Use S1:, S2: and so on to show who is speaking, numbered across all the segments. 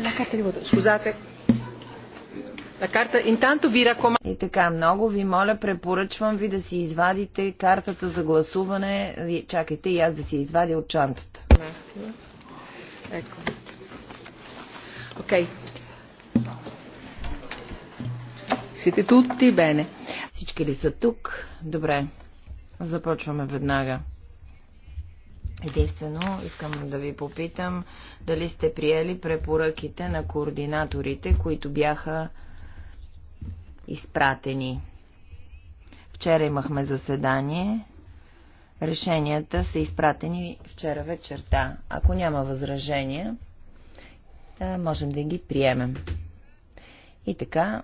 S1: La carta di voto. Scusate. La И така, много ви моля, препоръчвам ви да си извадите картата за гласуване. Чакайте и аз да си извадя от чантата. Ecco. Ok. Siete tutti Всички ли са тук? Добре. Започваме веднага. Единствено, искам да ви попитам дали сте приели препоръките на координаторите, които бяха изпратени. Вчера имахме заседание. Решенията са изпратени вчера вечерта. Ако няма възражения, да можем да ги приемем. И така,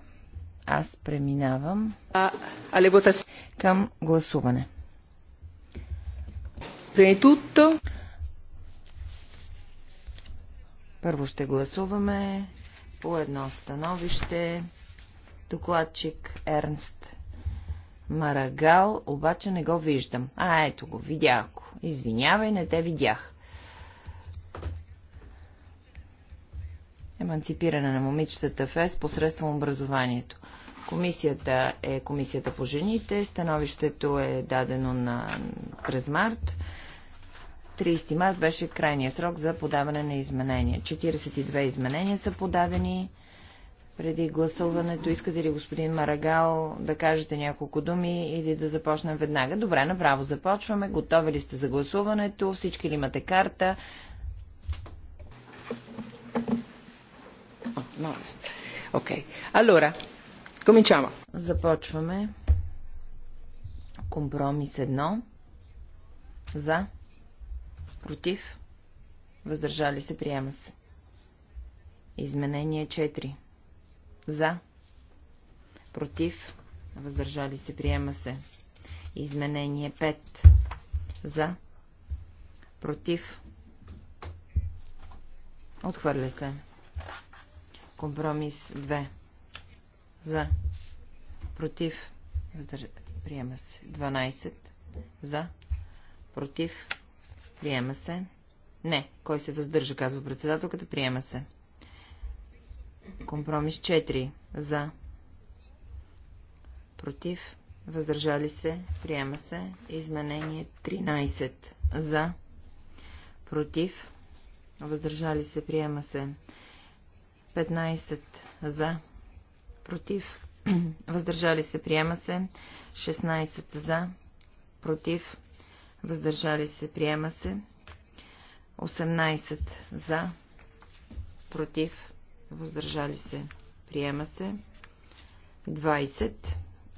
S1: аз преминавам към гласуване. Prima di tutto. Първо ще гласуваме по едно становище. Докладчик Ернст Марагал, обаче не го виждам. А, ето го, видях го. Извинявай, не те видях. Еманципиране на момичетата ФЕС посредством образованието. Комисията е Комисията по жените. Становището е дадено на, през март. 30 март беше крайния срок за подаване на изменения. 42 изменения са подадени преди гласуването. Искате ли, господин Марагал, да кажете няколко думи или да започнем веднага? Добре, направо започваме. Готови ли сте за гласуването? Всички ли имате карта? Окей. Алора, комичама. Започваме. Компромис едно. За. Против. Въздържали се. Приема се. Изменение 4. За. Против. Въздържали се. Приема се. Изменение 5. За. Против. Отхвърля се. Компромис 2. За. Против. Въздържа... Приема се. 12. За. Против. Приема се. Не. Кой се въздържа, казва председателката. Приема се. Компромис 4. За. Против. Въздържали се. Приема се. Изменение 13. За. Против. Въздържали се. Приема се. 15. За. Против. Въздържали се. Приема се. 16. За. Против въздържали се, приема се. 18 за, против, въздържали се, приема се. 20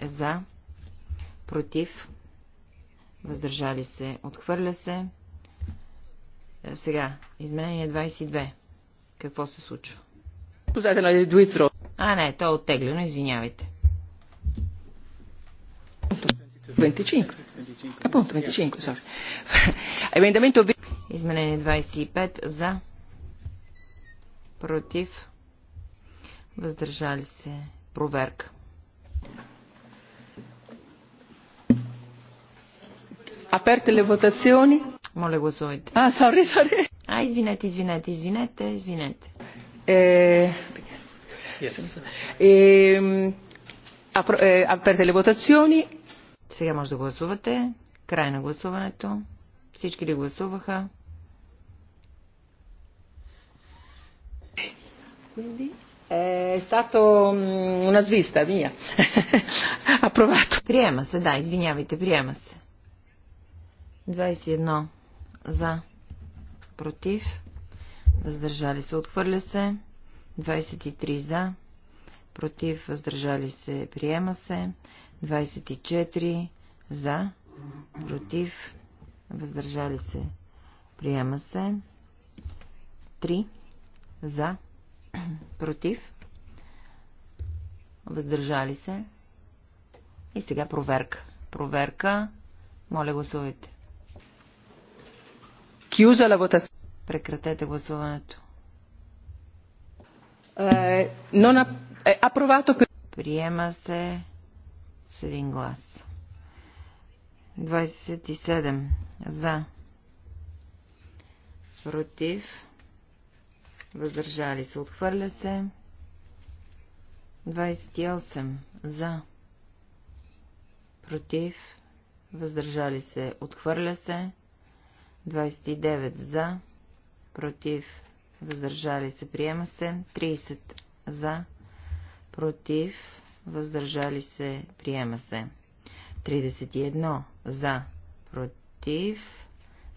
S1: за, против, въздържали се, отхвърля се. Е, сега, изменение 22. Какво се случва? А, не, то е оттеглено, извинявайте.
S2: 25. Appunto, 25,
S1: sorry. Emendamento... Изменение 25 за, против, въздържали се, проверка.
S3: Аперте ли вотациони?
S1: Моля гласувайте. А, сори, сори. А, извинете, извинете, извинете, извинете. Е... Yes. Е... Aperta le votazioni, сега може да гласувате. Край на гласуването. Всички ли гласуваха? Quindi eh, è stato mm, una вия. via. Приема се, да, извинявайте, приема се. 21 за, против, въздържали се, отхвърля се. 23 за, против, въздържали се, приема се. 24 за, против, въздържали се, приема се. 3 за, против, въздържали се. И сега проверка. Проверка. Моля гласувайте. Кюза лавотация. Прекратете гласуването. Е, е, приема се с един глас. 27 за, против, въздържали се, отхвърля се. 28 за, против, въздържали се, отхвърля се. 29 за, против, въздържали се, приема се. 30 за, против, въздържали се, приема се. 31 за, против,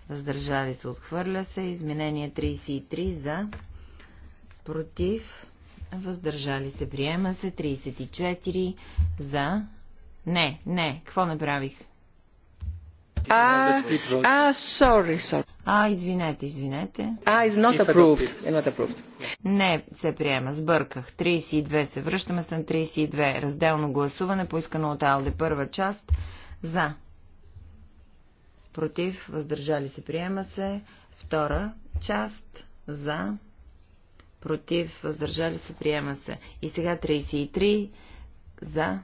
S1: въздържали се, отхвърля се. Изменение 33 за, против, въздържали се, приема се. 34 за, не, не, какво направих?
S2: А, а,
S1: sorry, sorry. А, извинете, извинете. А, is not approved. Is е, not approved. Не се приема. Сбърках. 32 се. Връщаме с на 32. Разделно гласуване, поискано от АЛДЕ. Първа част. За. Против. Въздържали се. Приема се. Втора част. За. Против. Въздържали се. Приема се. И сега 33. За.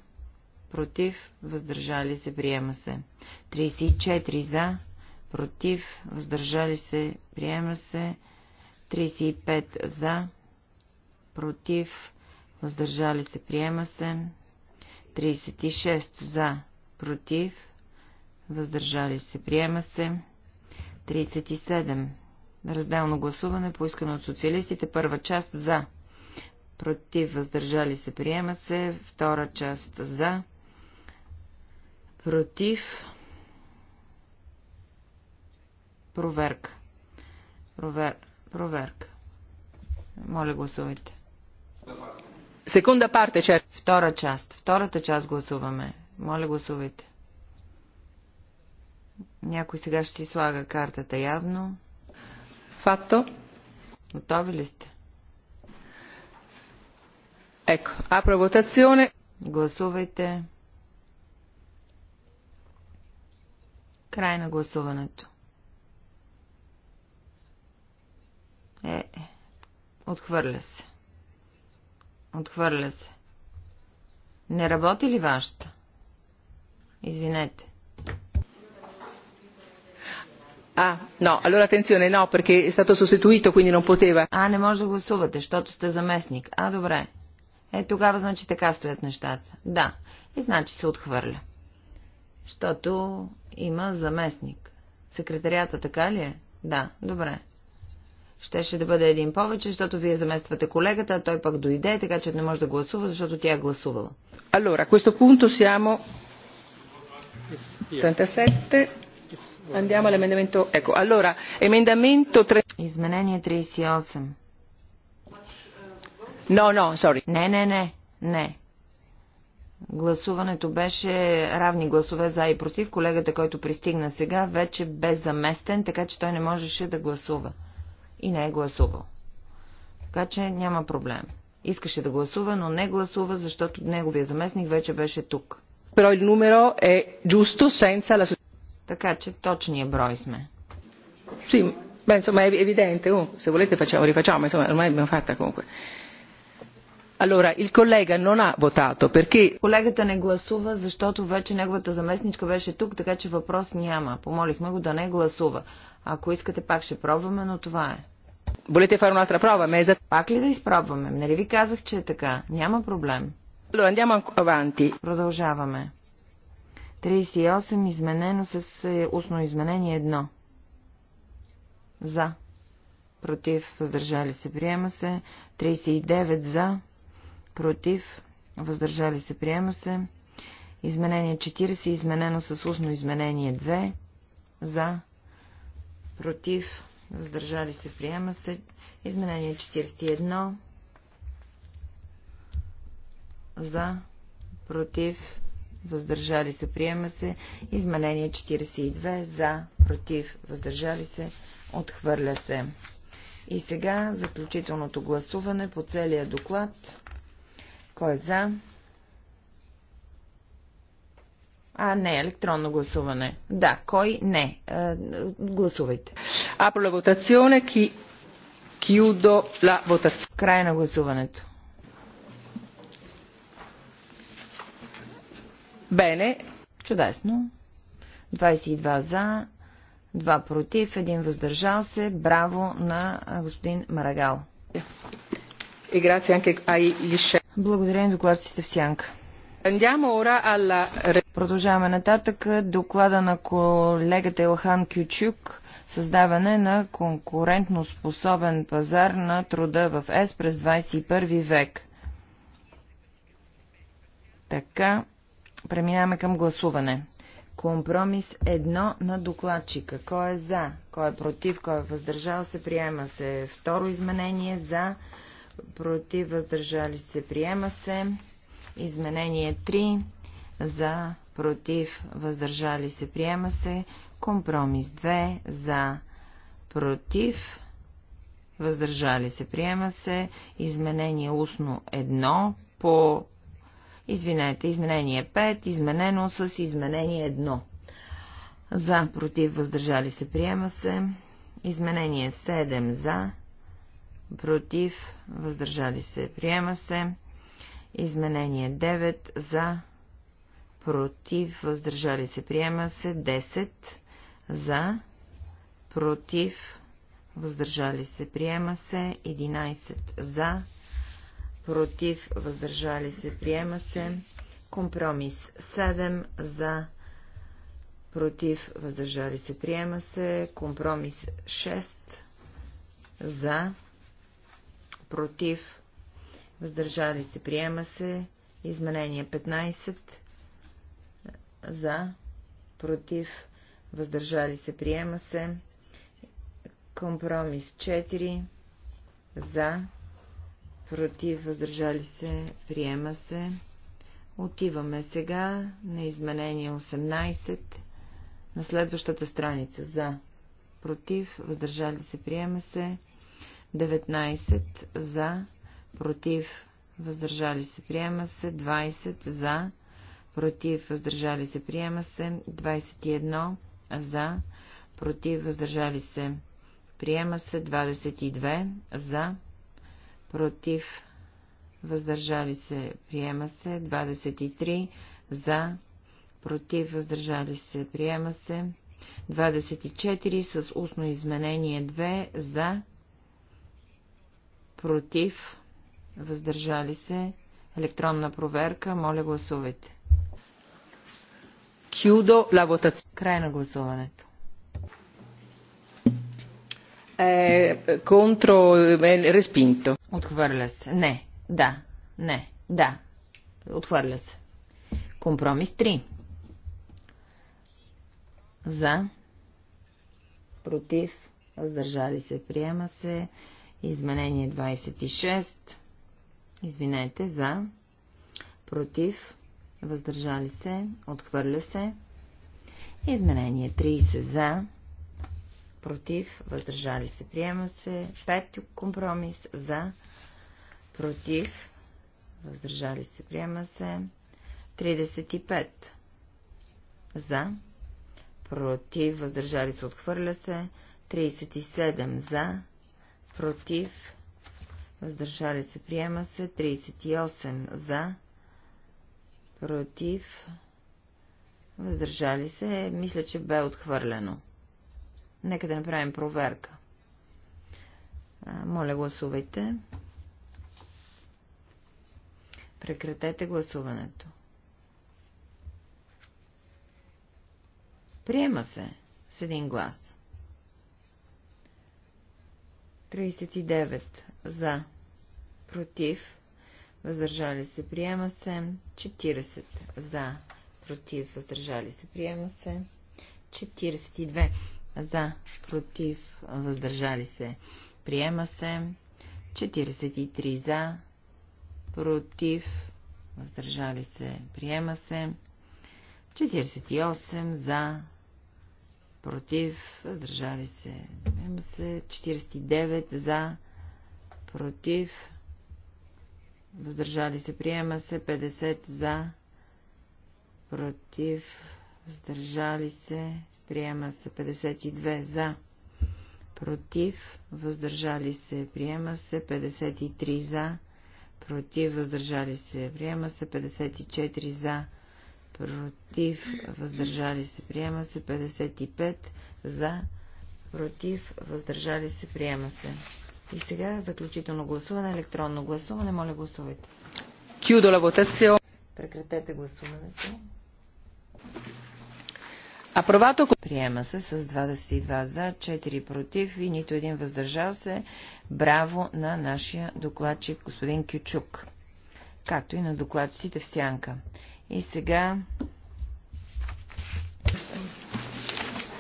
S1: Против. Въздържали се. Приема се. 34. За против, въздържали се, приема се. 35 за, против, въздържали се, приема се. 36 за, против, въздържали се, приема се. 37. Разделно гласуване, поискано от социалистите, първа част за, против, въздържали се, приема се, втора част за, против, Проверка. Провер... Проверка. Моля, гласувайте. Секунда парте, че... Втора част. Втората част гласуваме. Моля, гласувайте. Някой сега ще си слага картата явно. Фато. Готови ли сте? Еко. а вотационе. Гласувайте. Край на гласуването. Е, отхвърля се. Отхвърля се. Не работи ли вашата? Извинете. А, но, allora attenzione, no, perché е stato sostituito, quindi non poteva. А, не може да гласувате, защото сте заместник. А, добре. Е, тогава значи така стоят нещата. Да, и значи се отхвърля. Защото има заместник. Секретарията така ли е? Да, добре. Щеше да бъде един повече, защото вие замествате колегата, а той пък дойде, така че не може да гласува, защото тя е гласувала. Allora, a questo punto siamo
S4: 37.
S1: Andiamo all'emendamento. Ecco, allora, emendamento 3. Изменение 38. No, no, sorry. Не, не, не, не. Гласуването беше равни гласове за и против. Колегата, който пристигна сега, вече бе заместен, така че той не можеше да гласува и не е гласувал. Така че няма проблем. Искаше да гласува, но не гласува, защото неговия заместник вече беше тук. Però il numero è giusto senza la... Така че точния брой сме. Sì, beh, insomma è evidente, oh, se volete facciamo, rifacciamo, insomma, ormai fatta comunque. Allora, il collega non ha votato perché... Колегата не гласува, защото вече неговата заместничка беше тук, така че въпрос няма. Помолихме го да не гласува. Ако искате, пак ще пробваме, но това е. Volete fare un'altra prova, mesa? Пак ли да изпробваме? ли нали ви казах, че е така? Няма проблем. Продължаваме. 38 изменено с е, устно изменение 1. За. Против. Въздържали се. Приема се. 39 за. Против. Въздържали се. Приема се. Изменение 40. Изменено с устно изменение 2. За против, въздържали се, приема се. Изменение 41 за, против, въздържали се, приема се. Изменение 42 за, против, въздържали се, отхвърля се. И сега заключителното гласуване по целия доклад. Кой е за? А, не, електронно гласуване. Да, кой не. А, е, гласувайте. Апро ла вотационе, ки... Кюдо ла вотационе. Край на гласуването. Бене. Чудесно. 22 за, 2 против, 1 въздържал се. Браво на господин Марагал. И грация ай лише. Благодаря на докладците в Сянка. Продължаваме нататък. Доклада на колегата Илхан Кючук създаване на конкурентно способен пазар на труда в ЕС през 21 век. Така, преминаваме към гласуване. Компромис Едно на докладчика. Кой е за? Кой е против? Кой е въздържал се? Приема се. Второ изменение за. Против въздържали се. Приема се. Изменение 3 за, против, въздържали се, приема се. Компромис 2 за, против, въздържали се, приема се. Изменение устно 1 по, извинете, изменение 5, изменено с изменение 1. За, против, въздържали се, приема се. Изменение 7 за, против, въздържали се, приема се. Изменение 9 за, против, въздържали се, приема се. 10 за, против, въздържали се, приема се. 11 за, против, въздържали се, приема се. Компромис 7 за, против, въздържали се, приема се. Компромис 6 за, против, въздържали се, приема се. Изменение 15 за, против, въздържали се, приема се. Компромис 4 за, против, въздържали се, приема се. Отиваме сега на изменение 18 на следващата страница за, против, въздържали се, приема се. 19 за, против, въздържали се, приема се, 20 за, против, въздържали се, приема се, 21 за, против, въздържали се, приема се, 22 за, против, въздържали се, приема се, 23 за, против, въздържали се, приема се, 24 с устно изменение 2 за, против, въздържали се, електронна проверка, моля гласувайте. Кюдо лавотаци. Край на гласуването.
S5: Е,
S1: контро, е, респинто. Отхвърля се. Не, да, не, да. Отхвърля се. Компромис 3. За. Против. Въздържали се. Приема се. Изменение 26. Извинете, за, против, въздържали се, отхвърля се. Изменение 30 за, против, въздържали се, приема се. 5 компромис за, против, въздържали се, приема се. 35 за, против, въздържали се, отхвърля се. 37 за, против, въздържали се, приема се, 38 за, против, въздържали се, мисля, че бе отхвърлено. Нека да направим проверка. Моля, гласувайте. Прекратете гласуването. Приема се с един глас. 39 за, против, въздържали се, приема се, 40 за, против, въздържали се, приема се, 42 за, против, въздържали се, приема се, 43 за, против, въздържали се, приема се, 48 за, против, въздържали се, приема се, 49 за, против, въздържали се, приема се, 50 за, против, въздържали се, приема се, 52 за, против, въздържали се, приема се, 53 за, против, въздържали се, приема се, 54 за, против, въздържали се, приема се, 55 за, против, въздържали се, приема се. И сега заключително гласуване, електронно гласуване. Моля гласувайте. Кюдо ла votazione. Прекратете гласуването. Апровато. Приема се с 22 за, 4 против и нито един въздържал се. Браво на нашия докладчик господин Кючук. Както и на докладчиците в Сянка. И сега...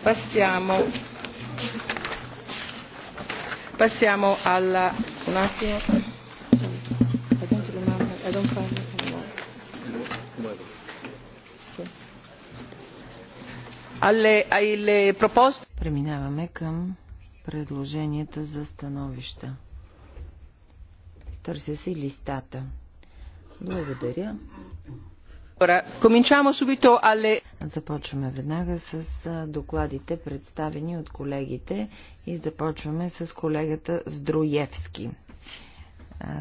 S1: Passiamo
S5: Passiamo alla...
S1: Преминаваме към предложенията за становища. Търся си листата. Благодаря. Започваме веднага с докладите, представени от колегите и започваме с колегата Здруевски.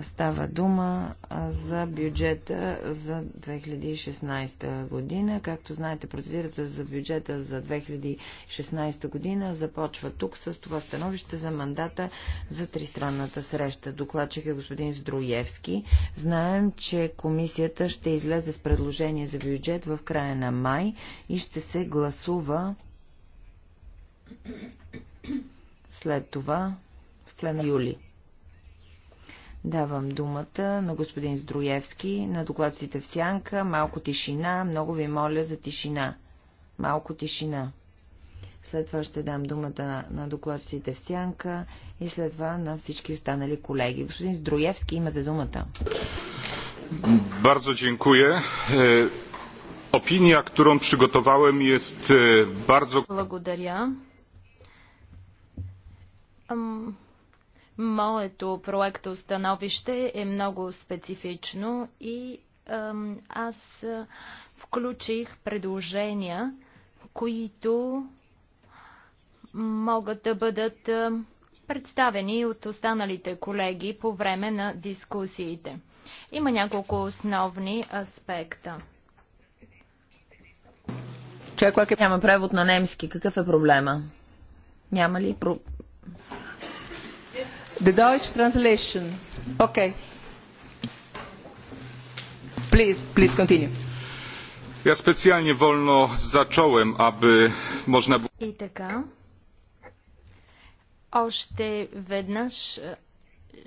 S1: Става дума за бюджета за 2016 година. Както знаете, процедурата за бюджета за 2016 година започва тук с това становище за мандата за тристранната среща. Докладчик е господин Здруевски. Знаем, че комисията ще излезе с предложение за бюджет в края на май и ще се гласува след това в плена юли. Давам думата на господин Здруевски, на докладците в сянка. Малко тишина. Много ви моля за тишина. Малко тишина. След това ще дам думата на, на в сянка и след това на всички останали колеги. Господин Здроевски, имате думата.
S3: Bardzo dziękuję. Opinia, е, którą przygotowałem jest е, bardzo...
S5: Благодаря. Моето проекто становище е много специфично и аз включих предложения, които могат да бъдат представени от останалите колеги по време на дискусиите. Има няколко основни аспекта.
S1: Човек, който няма превод на немски, какъв е проблема? Няма ли The Deutsch translation. Okay.
S5: Please, please continue.
S3: Ja specjalnie wolno zacząłem, aby można było...
S5: I така. Още веднъж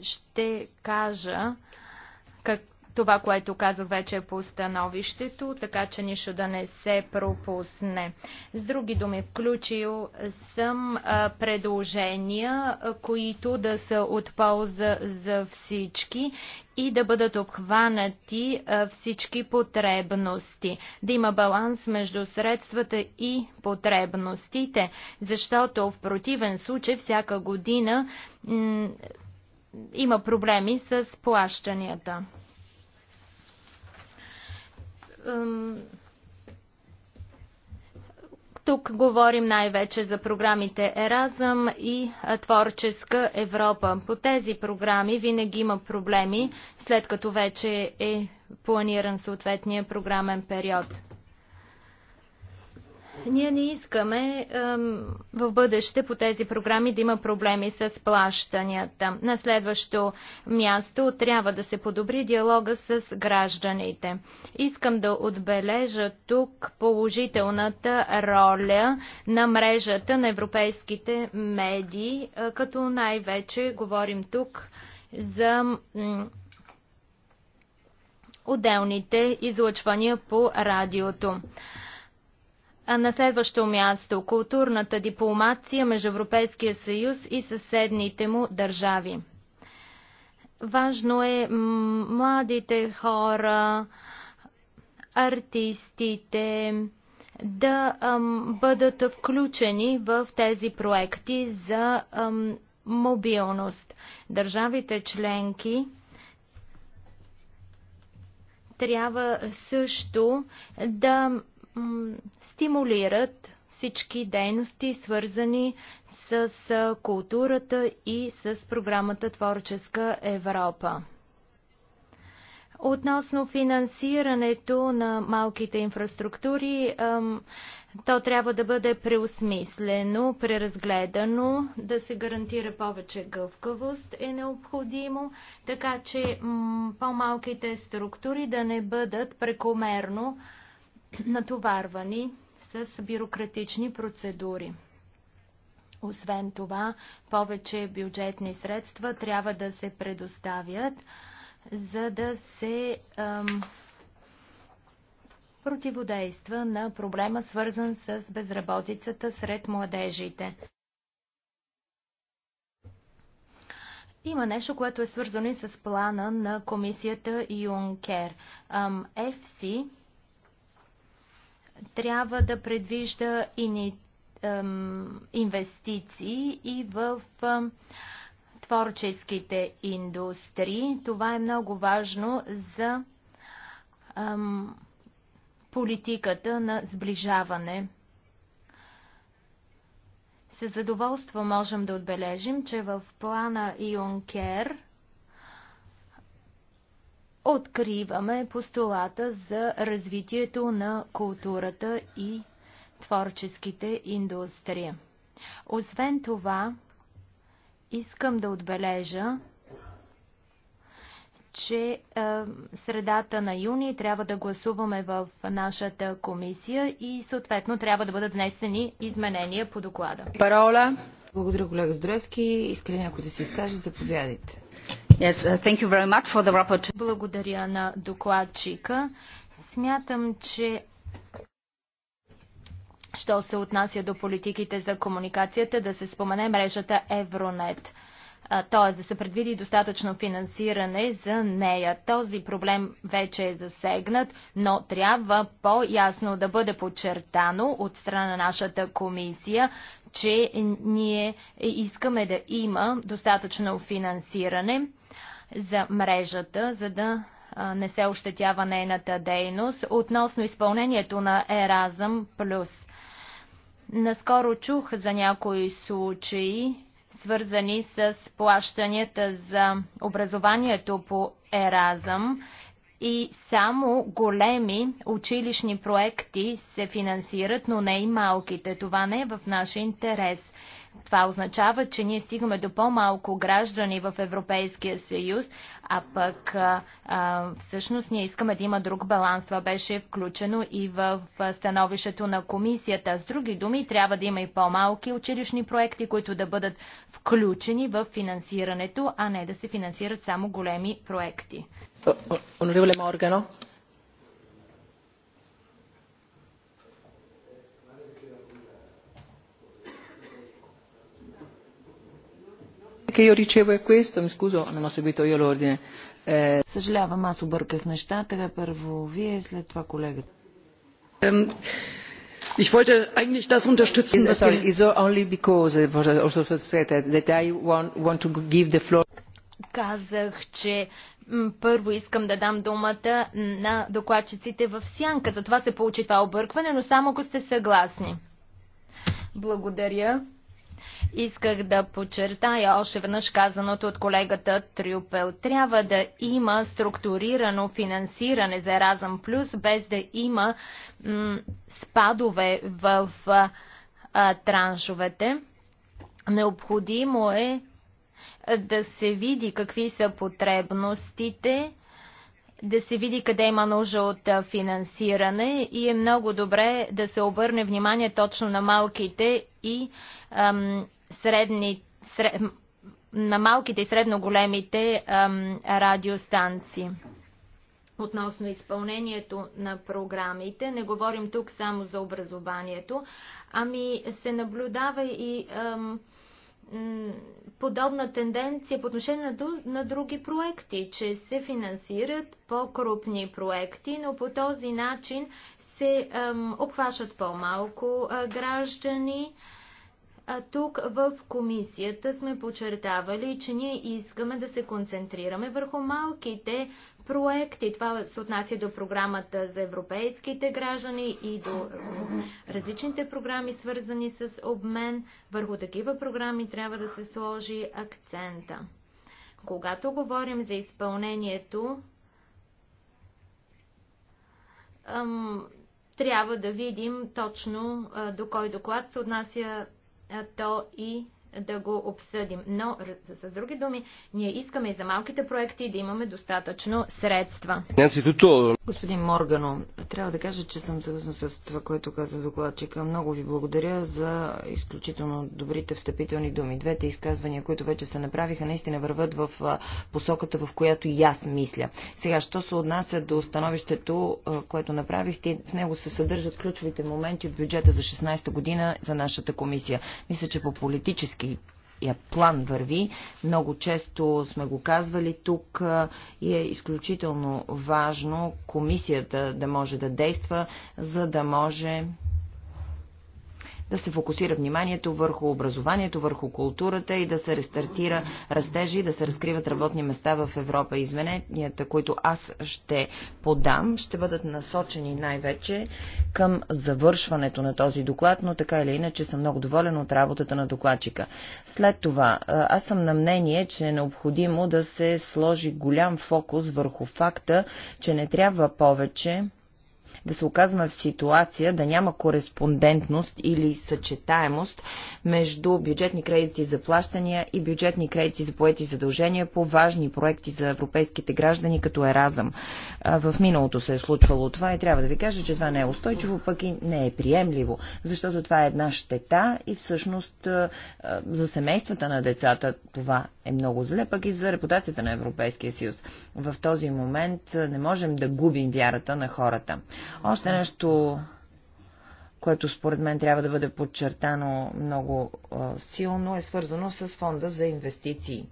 S5: ще кажа как, това, което казах вече е по установището, така че нищо да не се пропусне. С други думи, включил съм предложения, които да са от полза за всички и да бъдат обхванати всички потребности. Да има баланс между средствата и потребностите, защото в противен случай всяка година има проблеми с плащанията. Тук говорим най-вече за програмите Еразъм и Творческа Европа. По тези програми винаги има проблеми, след като вече е планиран съответния програмен период. Ние не искаме в бъдеще по тези програми да има проблеми с плащанията. На следващо място трябва да се подобри диалога с гражданите. Искам да отбележа тук положителната роля на мрежата на европейските медии, като най-вече говорим тук за отделните излъчвания по радиото. На следващо място културната дипломация между Европейския съюз и съседните му държави. Важно е младите хора, артистите да ам, бъдат включени в тези проекти за ам, мобилност. Държавите членки трябва също да стимулират всички дейности, свързани с културата и с програмата Творческа Европа. Относно финансирането на малките инфраструктури, то трябва да бъде преосмислено, преразгледано, да се гарантира повече гъвкавост е необходимо, така че по-малките структури да не бъдат прекомерно натоварвани с бюрократични процедури. Освен това, повече бюджетни средства трябва да се предоставят, за да се ам, противодейства на проблема, свързан с безработицата сред младежите. Има нещо, което е свързано и с плана на комисията Юнкер. ЕФСИ трябва да предвижда не, ем, инвестиции и в ем, творческите индустрии. Това е много важно за ем, политиката на сближаване. С задоволство можем да отбележим, че в плана Юнкер – откриваме постулата за развитието на културата и творческите индустрии. Освен това, искам да отбележа, че е, средата на юни трябва да гласуваме в нашата комисия и съответно трябва да бъдат внесени изменения по доклада. Парола. Благодаря, колега Здоровски. Иска ли някой да се изкаже? Заповядайте. Uh, Благодаря на докладчика. Смятам, че що се отнася до политиките за комуникацията, да се спомене мрежата Евронет. Т.е. да се предвиди достатъчно финансиране за нея. Този проблем вече е засегнат, но трябва по-ясно да бъде подчертано от страна на нашата комисия, че ние искаме да има достатъчно финансиране за мрежата, за да не се ощетява нейната дейност. Относно изпълнението на Еразъм Плюс. Наскоро чух за някои случаи, свързани с плащанията за образованието по Еразъм и само големи училищни проекти се финансират, но не и малките. Това не е в наш интерес. Това означава, че ние стигаме до по-малко граждани в Европейския съюз, а пък а, а, всъщност ние искаме да има друг баланс. Това беше включено и в становището на комисията. С други думи, трябва да има и по-малки училищни проекти, които да бъдат включени в финансирането, а не да се финансират само големи проекти.
S1: Onorevole Che io ricevo è questo, mi scuso, non ho seguito io l'ordine. Съжалявам, аз обърках нещата. Първо вие, след това колегата.
S5: Ich wollte eigentlich das unterstützen, was... Sorry,
S1: it's only because it was said that I want, want to give the floor
S5: казах, че първо искам да дам думата на докладчиците в сянка. Затова се получи това объркване, но само ако сте съгласни. Благодаря. Исках да подчертая още веднъж казаното от колегата Трюпел. Трябва да има структурирано финансиране за Еразъм Плюс, без да има спадове в а, траншовете. Необходимо е да се види какви са потребностите, да се види къде има нужда от финансиране и е много добре да се обърне внимание точно на малките и ам, средни, сред, на малките и средно големите ам, радиостанции. Относно изпълнението на програмите, не говорим тук само за образованието, ами се наблюдава и ам, подобна тенденция по отношение на, на други проекти, че се финансират по-крупни проекти, но по този начин се ем, обхващат по-малко е, граждани. А тук в комисията сме подчертавали, че ние искаме да се концентрираме върху малките и Това се отнася до програмата за европейските граждани и до различните програми, свързани с обмен. Върху такива програми трябва да се сложи акцента. Когато говорим за изпълнението, трябва да видим точно до кой доклад се отнася то и да го обсъдим. Но, с други думи, ние искаме и за малките проекти да имаме достатъчно средства.
S1: Господин Моргано, трябва да кажа, че съм съгласна с това, което каза докладчика. Много ви благодаря за изключително добрите встъпителни думи. Двете изказвания, които вече се направиха, наистина върват в посоката, в която и аз мисля. Сега, що се отнася до становището, което направихте, в него се съдържат ключовите моменти от бюджета за 16 та година за нашата комисия. Мисля, че по политически стратегически план върви. Много често сме го казвали тук и е изключително важно комисията да може да действа, за да може да се фокусира вниманието върху образованието, върху културата и да се рестартира растежи и да се разкриват работни места в Европа. Измененията, които аз ще подам, ще бъдат насочени най-вече към завършването на този доклад, но така или иначе съм много доволен от работата на докладчика. След това, аз съм на мнение, че е необходимо да се сложи голям фокус върху факта, че не трябва повече да се оказваме в ситуация да няма кореспондентност или съчетаемост между бюджетни кредити за плащания и бюджетни кредити за поети задължения по важни проекти за европейските граждани, като Еразъм. В миналото се е случвало това и трябва да ви кажа, че това не е устойчиво, пък и не е приемливо, защото това е една щета и всъщност за семействата на децата това е много зле, пък и за репутацията на Европейския съюз. В този момент не можем да губим вярата на хората. Още нещо, което според мен трябва да бъде подчертано много силно, е свързано с фонда за инвестиции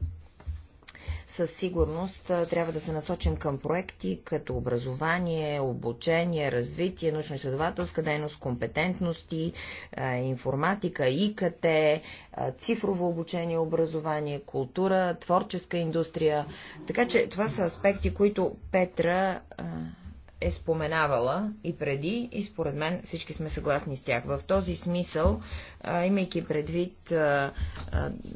S1: със сигурност трябва да се насочим към проекти като образование, обучение, развитие, научно-изследователска дейност, компетентности, информатика, ИКТ, цифрово обучение, образование, култура, творческа индустрия. Така че това са аспекти, които Петра е споменавала и преди, и според мен всички сме съгласни с тях. В този смисъл, имайки предвид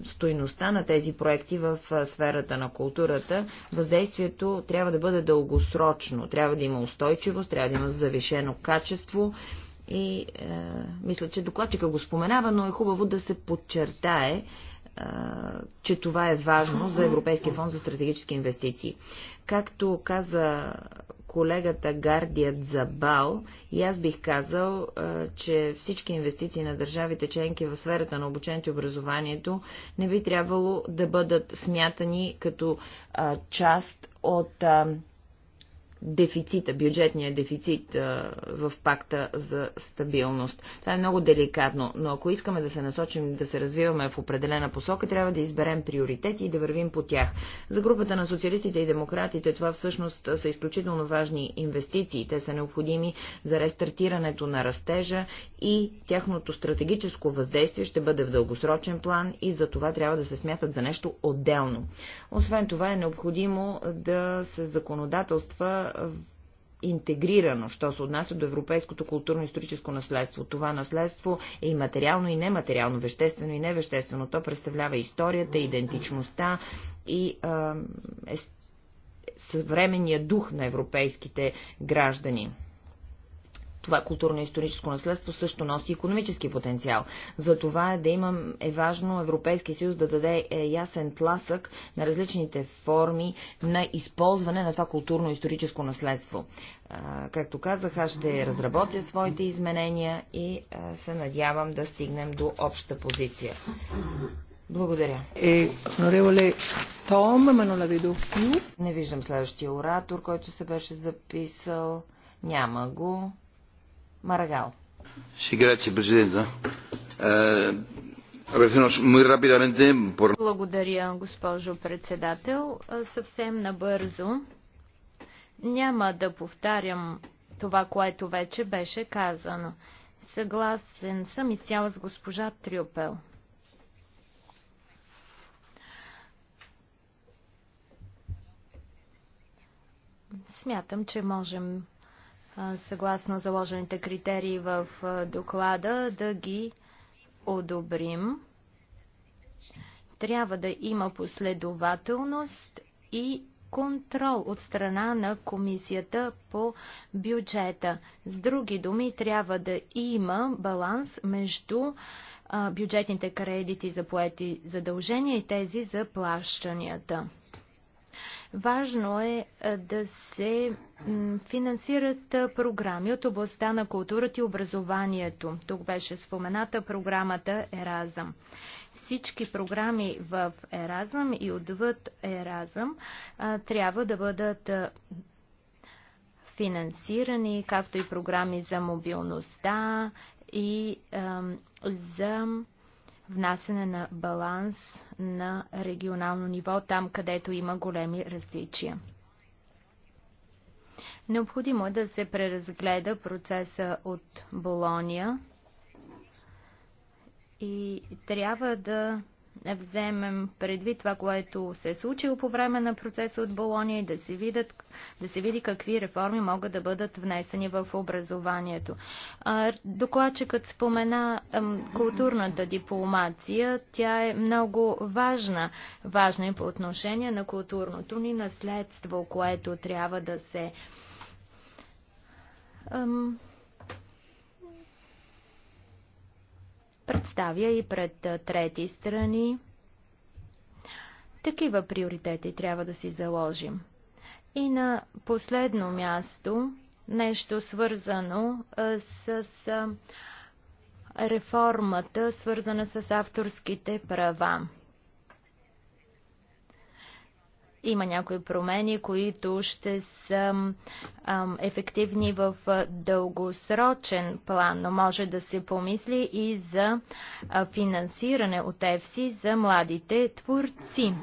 S1: стойността на тези проекти в сферата на културата, въздействието трябва да бъде дългосрочно, трябва да има устойчивост, трябва да има завишено качество и е, мисля, че докладчика го споменава, но е хубаво да се подчертае, че това е важно за Европейския фонд за стратегически инвестиции. Както каза колегата Гардият Забал и аз бих казал, че всички инвестиции на държавите членки в сферата на обучението и образованието не би трябвало да бъдат смятани като част от дефицита, бюджетния дефицит в пакта за стабилност. Това е много деликатно, но ако искаме да се насочим, да се развиваме в определена посока, трябва да изберем приоритети и да вървим по тях. За групата на социалистите и демократите това всъщност са изключително важни инвестиции. Те са необходими за рестартирането на растежа и тяхното стратегическо въздействие ще бъде в дългосрочен план и за това трябва да се смятат за нещо отделно. Освен това е необходимо да се законодателства интегрирано, що се отнася до европейското културно-историческо наследство. Това наследство е и материално, и нематериално, веществено и невеществено. То представлява историята, идентичността и е, е, съвременния дух на европейските граждани това културно-историческо наследство също носи економически потенциал. За това е да имам, е важно Европейския съюз да даде е, ясен тласък на различните форми на използване на това културно-историческо наследство. Както казах, аз ще разработя своите изменения и се надявам да стигнем до обща позиция. Благодаря. Е, Нореволе Том, Манола Не виждам следващия оратор, който се беше записал. Няма го. Eh,
S3: por...
S5: Благодаря, госпожо председател. Съвсем набързо. Няма да повтарям това, което вече беше казано. Съгласен съм изцяло с госпожа Трюпел. Смятам, че можем съгласно заложените критерии в доклада, да ги одобрим. Трябва да има последователност и контрол от страна на комисията по бюджета. С други думи, трябва да има баланс между бюджетните кредити за поети задължения и тези за плащанията. Важно е да се финансират програми от областта на културата и образованието. Тук беше спомената програмата Еразъм. Всички програми в Еразъм и отвъд Еразъм трябва да бъдат финансирани, както и програми за мобилността и за внасене на баланс на регионално ниво, там където има големи различия. Необходимо е да се преразгледа процеса от Болония и трябва да вземем предвид това, което се е случило по време на процеса от Болония и да се, видят, да се види какви реформи могат да бъдат внесени в образованието. Докладчикът спомена културната дипломация. Тя е много важна. Важна и по отношение на културното ни наследство, което трябва да се представя и пред трети страни. Такива приоритети трябва да си заложим. И на последно място, нещо свързано с реформата, свързана с авторските права. Има някои промени, които ще са ам, ефективни в дългосрочен план, но може да се помисли и за а, финансиране от ЕФСИ за младите творци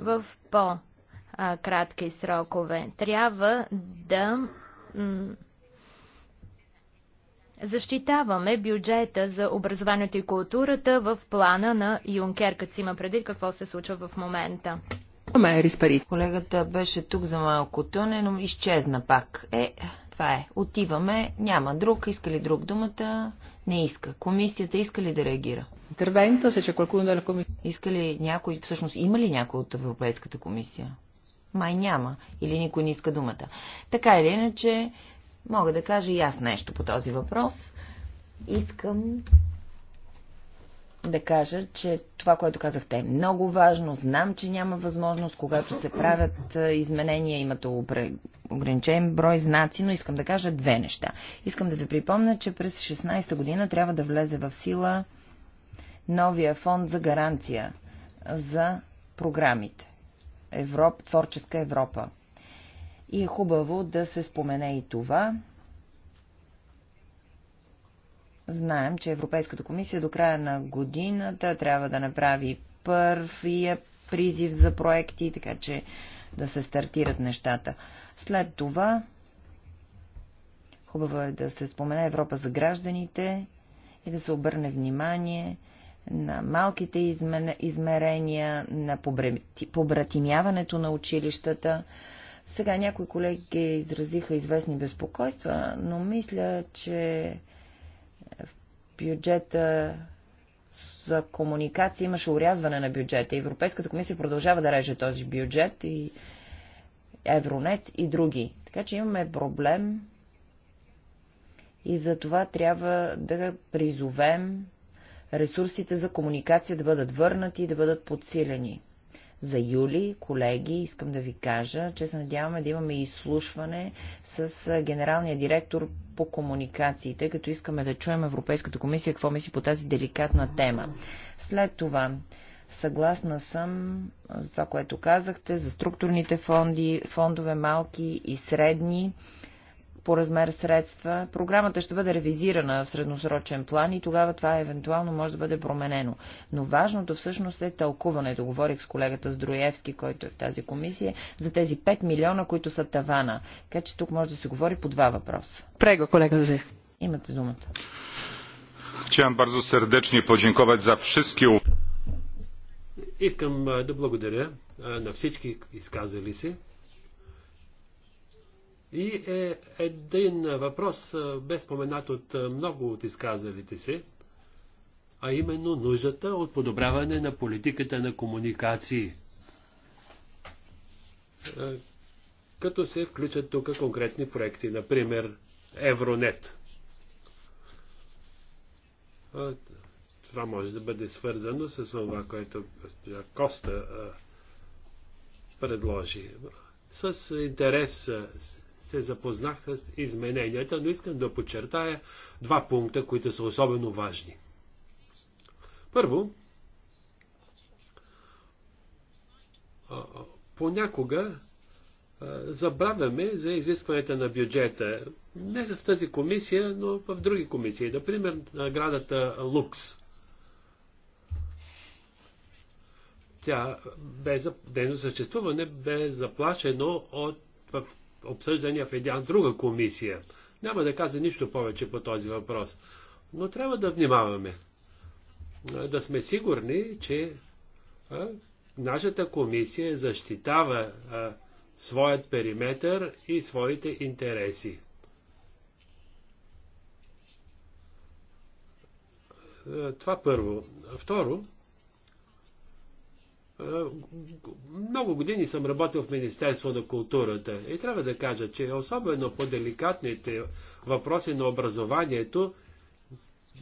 S5: в по-кратки срокове. Трябва да защитаваме бюджета за образованието и културата в плана на Юнкер, като си има предвид какво се случва в момента.
S1: Е Колегата беше тук за малко тъне, но изчезна пак. Е, това е. Отиваме. Няма друг. Иска ли друг думата? Не иска. Комисията иска ли да реагира? Интервенто се, че да е комисия. Иска ли някой, всъщност има ли някой от Европейската комисия? Май няма. Или никой не иска думата. Така или иначе, мога да кажа и аз нещо по този въпрос. Искам да кажа, че това, което казахте е много важно. Знам, че няма възможност, когато се правят изменения, имате ограничен брой знаци, но искам да кажа две неща. Искам да ви припомня, че през 16-та година трябва да влезе в сила новия фонд за гаранция за програмите. Европ, творческа Европа. И е хубаво да се спомене и това, Знаем, че Европейската комисия до края на годината трябва да направи първия призив за проекти, така че да се стартират нещата. След това хубаво е да се спомене Европа за гражданите и да се обърне внимание на малките измерения, на побратимяването на училищата. Сега някои колеги изразиха известни безпокойства, но мисля, че бюджета за комуникация имаше урязване на бюджета. Европейската комисия продължава да реже този бюджет и Евронет и други. Така че имаме проблем и за това трябва да призовем ресурсите за комуникация да бъдат върнати и да бъдат подсилени за юли. Колеги, искам да ви кажа, че се надяваме да имаме изслушване с генералния директор по комуникациите, като искаме да чуем Европейската комисия какво мисли по тази деликатна тема. След това Съгласна съм с това, което казахте, за структурните фонди, фондове малки и средни по размер средства. Програмата ще бъде ревизирана в средносрочен план и тогава това евентуално може да бъде променено. Но важното всъщност е тълкуването. Говорих с колегата Здроевски, който е в тази комисия, за тези 5 милиона, които са тавана. Така че тук може да се говори по два въпроса. Прего, колега Зех. Имате думата.
S3: Чем бързо сърдечни podziękować за всички.
S4: Искам да благодаря на всички изказали се. И е един въпрос, е, без споменат от е, много от изказалите се, а именно нуждата от подобряване на политиката на комуникации. Е, като се включат тук конкретни проекти, например Евронет. Това може да бъде свързано с това, което Коста предложи. С интерес се запознах с измененията, но искам да подчертая два пункта, които са особено важни. Първо, понякога забравяме за изискването на бюджета. Не в тази комисия, но в други комисии. Например, наградата Лукс. Тя бе, за... съществуване бе заплашено от в обсъждания в една друга комисия. Няма да каза нищо повече по този въпрос. Но трябва да внимаваме. Да сме сигурни, че а, нашата комисия защитава а, своят периметър и своите интереси. А, това първо. Второ, много години съм работил в Министерство на културата и трябва да кажа, че особено по деликатните въпроси на образованието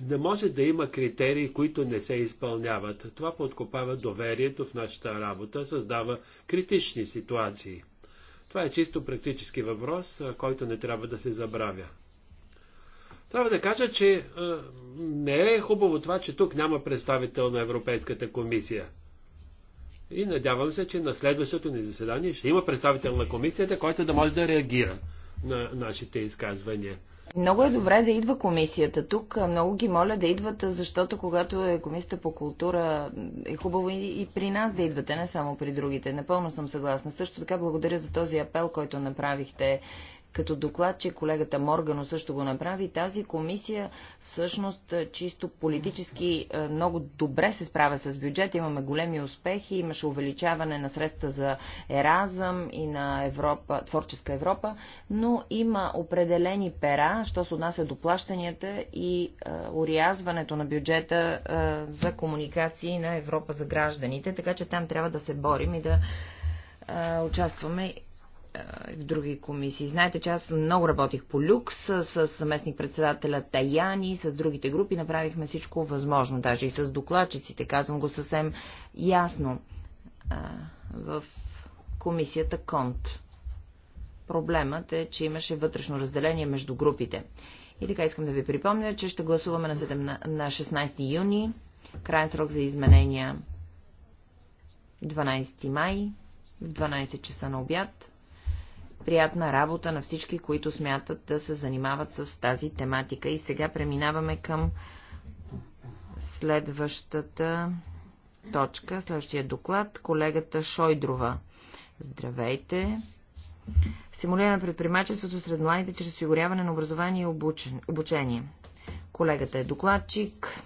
S4: не може да има критерии, които не се изпълняват. Това подкопава доверието в нашата работа, създава критични ситуации. Това е чисто практически въпрос, който не трябва да се забравя. Трябва да кажа, че не е хубаво това, че тук няма представител на Европейската комисия. И надявам се, че на следващото ни заседание ще има представител на комисията, който да може да реагира на нашите изказвания.
S1: Много е добре да идва комисията тук. Много ги моля да идват, защото когато е комисията по култура, е хубаво и, при нас да идвате, не само при другите. Напълно съм съгласна. Също така благодаря за този апел, който направихте като доклад, че колегата Моргано също го направи, тази комисия всъщност е, чисто политически е, много добре се справя с бюджет. Имаме големи успехи, имаше увеличаване на средства за Еразъм и на Европа, Творческа Европа, но има определени пера, що се отнася до плащанията и е, урязването на бюджета за комуникации на Европа за гражданите, така че там трябва да се борим и да участваме в други комисии. Знаете, че аз много работих по люкс, с съместник-председателя Таяни, с другите групи, направихме всичко възможно, даже и с докладчиците, казвам го съвсем ясно в комисията Конт. Проблемът е, че имаше вътрешно разделение между групите. И така искам да ви припомня, че ще гласуваме на, на 16 юни, крайен срок за изменения 12 май, в 12 часа на обяд. Приятна работа на всички, които смятат да се занимават с тази тематика. И сега преминаваме към следващата точка, следващия доклад. Колегата Шойдрова. Здравейте! Стимулиране на предприемачеството сред младите чрез осигуряване на образование и обучение. Колегата е докладчик.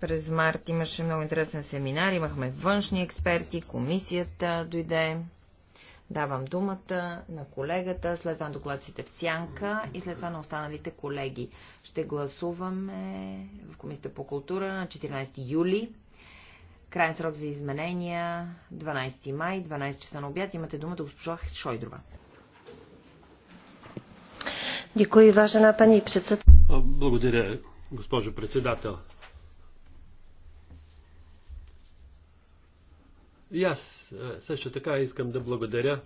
S1: През март имаше много интересен семинар, имахме външни експерти, комисията дойде. Давам думата на колегата, след това на докладците в сянка и след това на останалите колеги. Ще гласуваме в Комисията по култура на 14 юли. Крайен срок за изменения 12 май, 12 часа на обяд. Имате думата госпожа Шойдрова. Děkuji, vážená председател.
S4: Благодаря, госпожо председател. И аз е, също така искам да благодаря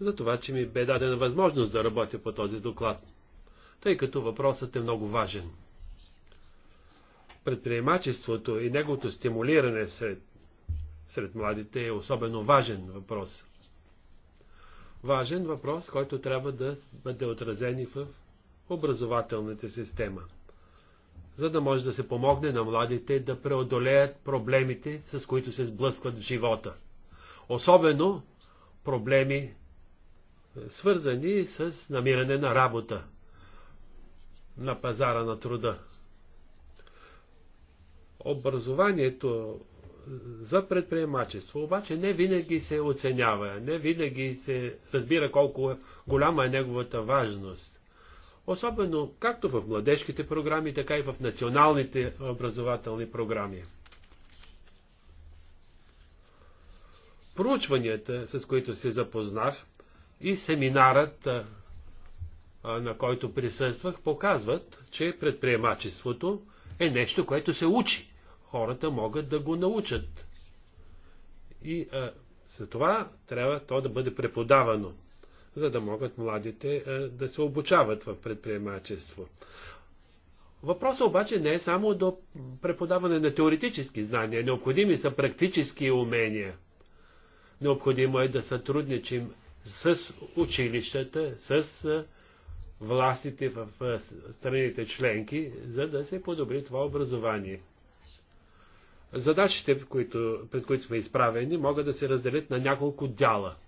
S4: за това, че ми бе дадена възможност да работя по този доклад, тъй като въпросът е много важен. Предприемачеството и неговото стимулиране сред, сред младите е особено важен въпрос. Важен въпрос, който трябва да бъде отразен и в образователната система – за да може да се помогне на младите да преодолеят проблемите, с които се сблъскват в живота. Особено проблеми, е, свързани с намиране на работа на пазара на труда. Образованието за предприемачество обаче не винаги се оценява, не винаги се разбира колко голяма е неговата важност особено както в младежките програми, така и в националните образователни програми. Проучванията, с които се запознах, и семинарът, на който присъствах, показват, че предприемачеството е нещо, което се учи. Хората могат да го научат. И а, за това трябва то да бъде преподавано за да могат младите е, да се обучават в предприемачество. Въпросът обаче не е само до преподаване на теоретически знания, необходими са практически умения. Необходимо е да сътрудничим с училищата, с е, властите в е, страните членки, за да се подобри това образование. Задачите, пред които сме изправени, могат да се разделят на няколко дяла –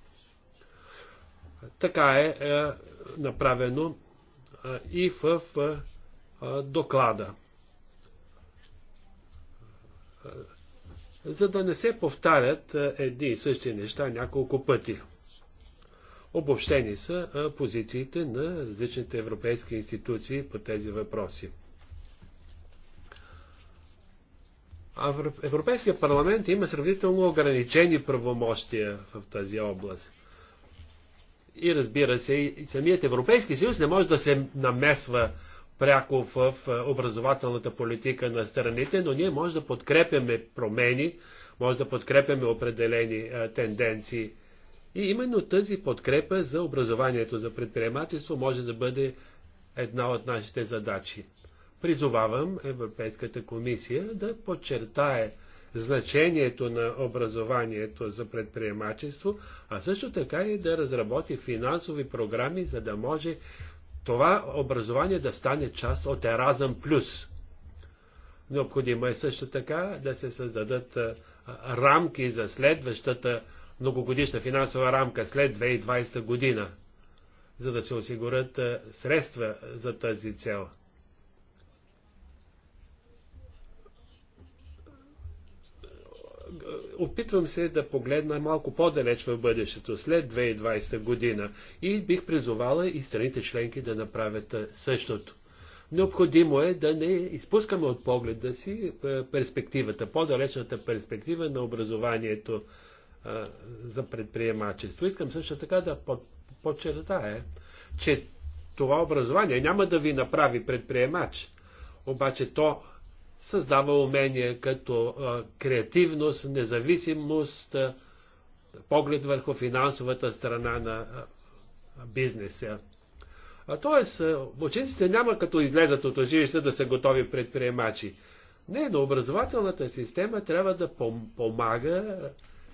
S4: така е, е направено е, и в е, е доклада. За да не се повтарят е, едни и същи неща няколко пъти. Обобщени са е, позициите на различните европейски институции по тези въпроси. Европейския парламент има сравнително ограничени правомощия в тази област. И разбира се, и самият Европейски съюз не може да се намесва пряко в образователната политика на страните, но ние може да подкрепяме промени, може да подкрепяме определени а, тенденции. И именно тази подкрепа за образованието, за предприемателство може да бъде една от нашите задачи. Призовавам Европейската комисия да подчертае значението на образованието за предприемачество, а също така и да разработи финансови програми, за да може това образование да стане част от Еразъм Плюс. Необходимо е също така да се създадат рамки за следващата многогодишна финансова рамка след 2020 година, за да се осигурят средства за тази цел. опитвам се да погледна малко по-далеч в бъдещето, след 2020 година, и бих призовала и страните членки да направят същото. Необходимо е да не изпускаме от погледа си перспективата, по-далечната перспектива на образованието за предприемачество. Искам също така да подчертая, че това образование няма да ви направи предприемач, обаче то създава умения като креативност, независимост, поглед върху финансовата страна на бизнеса. А т.е. учениците няма като излезат от училище да са готови предприемачи. Не, но образователната система трябва да помага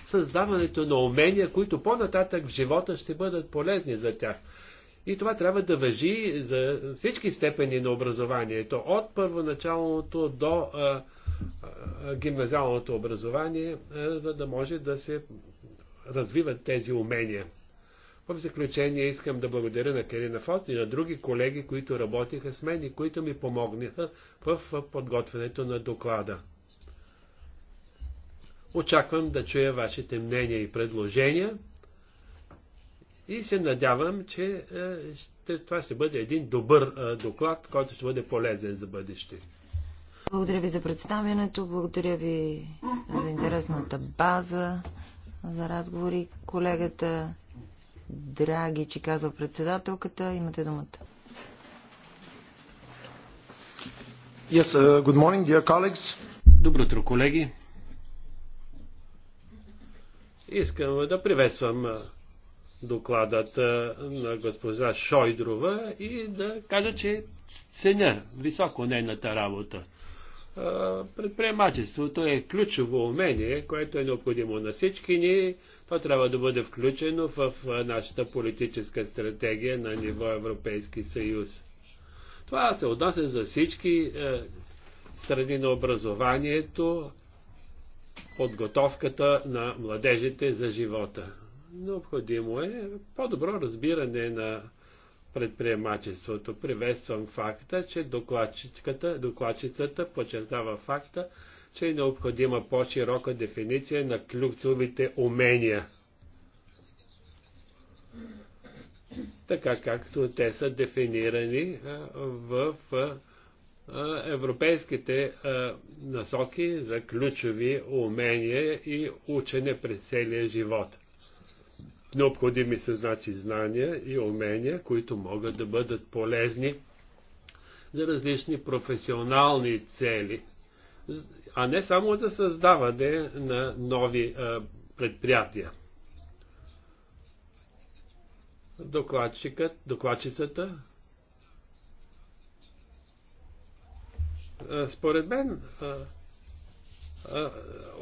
S4: създаването на умения, които по-нататък в живота ще бъдат полезни за тях. И това трябва да въжи за всички степени на образованието, от първоначалното до а, а, гимназиалното образование, а, за да може да се развиват тези умения. В заключение искам да благодаря на Керина Фот и на други колеги, които работиха с мен и които ми помогнаха в подготвянето на доклада. Очаквам да чуя вашите мнения и предложения. И се надявам, че е, ще, това ще бъде един добър е, доклад, който ще бъде полезен за бъдеще.
S1: Благодаря ви за представянето, благодаря ви за интересната база за разговори. Колегата Драги, че казва председателката, имате думата.
S3: Yes, uh,
S4: good morning, dear colleagues. Добро утро, колеги. Искам да приветствам е, докладът на госпожа Шойдрова и да кажа, че ценя високо нейната работа. Предприемачеството е ключово умение, което е необходимо на всички ни. То трябва да бъде включено в нашата политическа стратегия на ниво Европейски съюз. Това се отнася за всички страни на образованието, подготовката на младежите за живота. Необходимо е по-добро разбиране на предприемачеството. Приветствам факта, че докладчицата, докладчицата подчертава факта, че е необходима по-широка дефиниция на ключовите умения. Така както те са дефинирани в европейските насоки за ключови умения и учене през целия живот. Необходими са значи знания и умения, които могат да бъдат полезни за различни професионални цели, а не само за създаване на нови а, предприятия. Докладчикът, докладчицата, а, според мен, а,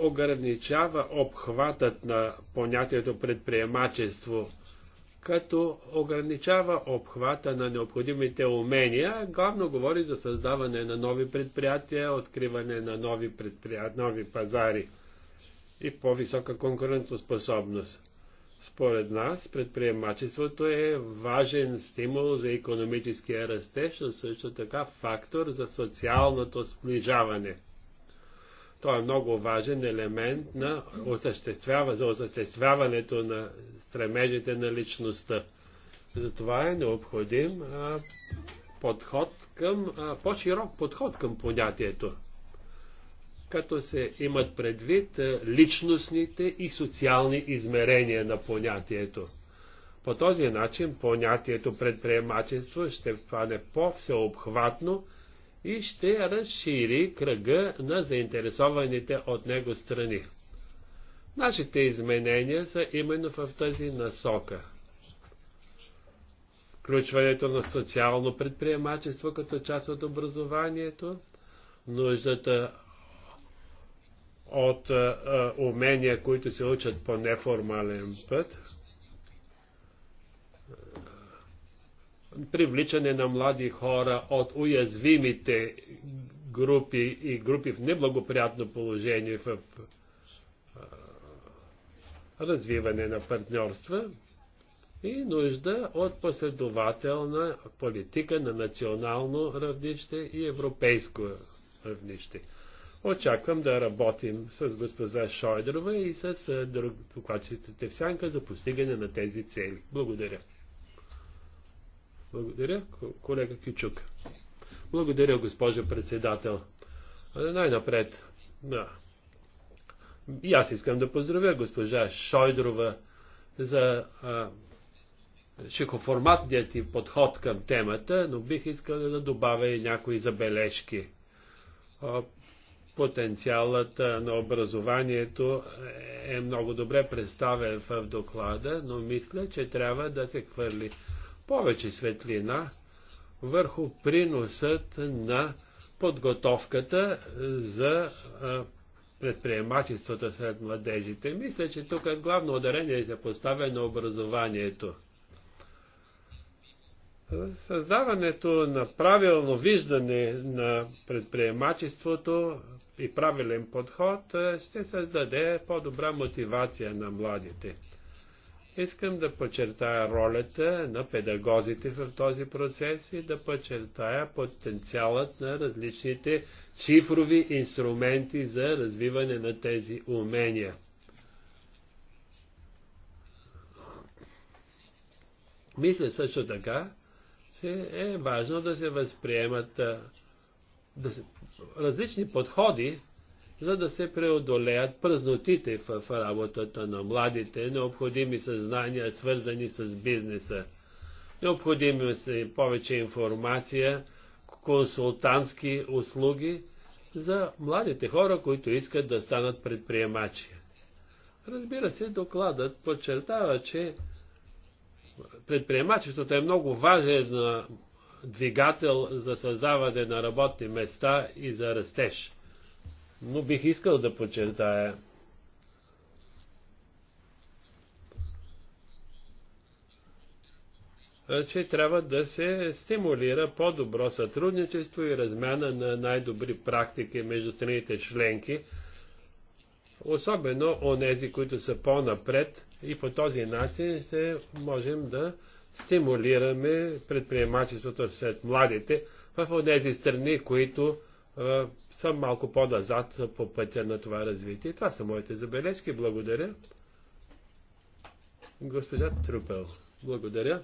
S4: ограничава обхватът на понятието предприемачество, като ограничава обхвата на необходимите умения, главно говори за създаване на нови предприятия, откриване на нови, нови пазари и по-висока конкурентоспособност. Според нас предприемачеството е важен стимул за економическия растеж, а също така фактор за социалното сближаване – той е много важен елемент на осъществява, за осъществяването на стремежите на личността. Затова е необходим а, подход към, а, по-широк подход към понятието, като се имат предвид а, личностните и социални измерения на понятието. По този начин понятието предприемачество ще стане по-всеобхватно, и ще разшири кръга на заинтересованите от него страни. Нашите изменения са именно в тази насока. Включването на социално предприемачество като част от образованието, нуждата от а, умения, които се учат по неформален път, привличане на млади хора от уязвимите групи и групи в неблагоприятно положение в развиване на партньорства и нужда от последователна политика на национално равнище и европейско равнище. Очаквам да работим с госпожа Шойдрова и с докладчиците в сянка за постигане на тези цели. Благодаря. Благодаря, колега Кичук. Благодаря, госпожо председател. Най-напред, да. И аз искам да поздравя госпожа Шойдрова за а, шикоформатният ти подход към темата, но бих искал да добавя и някои забележки. А, потенциалът на образованието е много добре представен в доклада, но мисля, че трябва да се хвърли повече светлина върху приносът на подготовката за предприемачеството сред младежите. Мисля, че тук главно ударение се поставя на образованието. Създаването на правилно виждане на предприемачеството и правилен подход ще създаде по-добра мотивация на младите. Искам да подчертая ролята на педагозите в този процес и да подчертая потенциалът на различните цифрови инструменти за развиване на тези умения. Мисля също така, че е важно да се възприемат да се, различни подходи за да се преодолеят празнотите в, работата на младите. Необходими са знания, свързани с бизнеса. Необходими са повече информация, консултантски услуги за младите хора, които искат да станат предприемачи. Разбира се, докладът подчертава, че предприемачеството е много важен двигател за създаване на работни места и за растеж. Но бих искал да подчертая, че трябва да се стимулира по-добро сътрудничество и размяна на най-добри практики между страните членки, особено онези, които са по-напред и по този начин ще можем да стимулираме предприемачеството сред младите в онези страни, които съм малко по-назад по пътя на това развитие. Това са моите забележки. Благодаря. Госпожа Трупел, благодаря.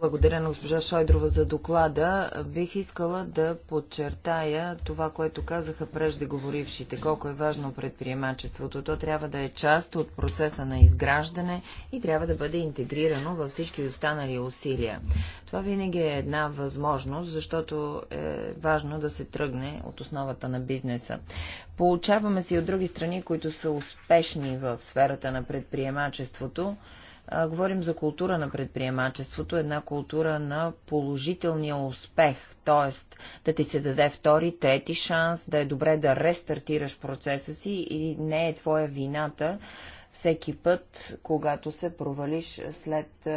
S1: Благодаря на госпожа Шойдрова за доклада. Бих искала да подчертая това, което казаха преждеговорившите, колко е важно предприемачеството. То трябва да е част от процеса на изграждане и трябва да бъде интегрирано във всички останали усилия. Това винаги е една възможност, защото е важно да се тръгне от основата на бизнеса. Получаваме се и от други страни, които са успешни в сферата на предприемачеството а, говорим за култура на предприемачеството, една култура на положителния успех, т.е. да ти се даде втори, трети шанс, да е добре да рестартираш процеса си и не е твоя вината всеки път, когато се провалиш след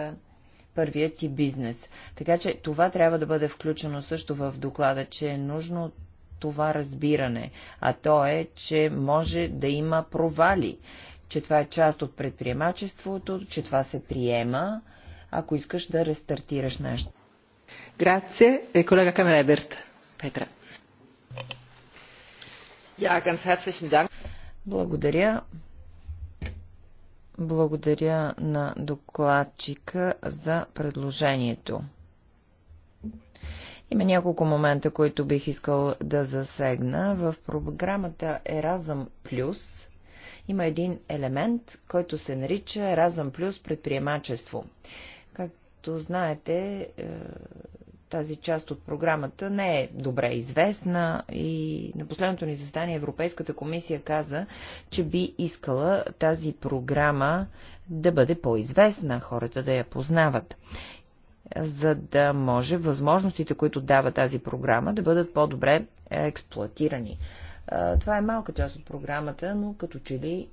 S1: първия ти бизнес. Така че това трябва да бъде включено също в доклада, че е нужно това разбиране, а то е, че може да има провали че това е част от предприемачеството, че това се приема, ако искаш да рестартираш нещо. Грация. Е, колега Камереберт. Петра.
S2: Ja, ganz herzlichen Dank.
S1: Благодаря. Благодаря на докладчика за предложението. Има няколко момента, които бих искал да засегна. В програмата Еразъм Плюс има един елемент, който се нарича Разъм плюс предприемачество. Както знаете, е, тази част от програмата не е добре известна и на последното ни заседание Европейската комисия каза, че би искала тази програма да бъде по-известна, хората да я познават за да може възможностите, които дава тази програма, да бъдат по-добре експлуатирани. Това е малка част от програмата, но като че ли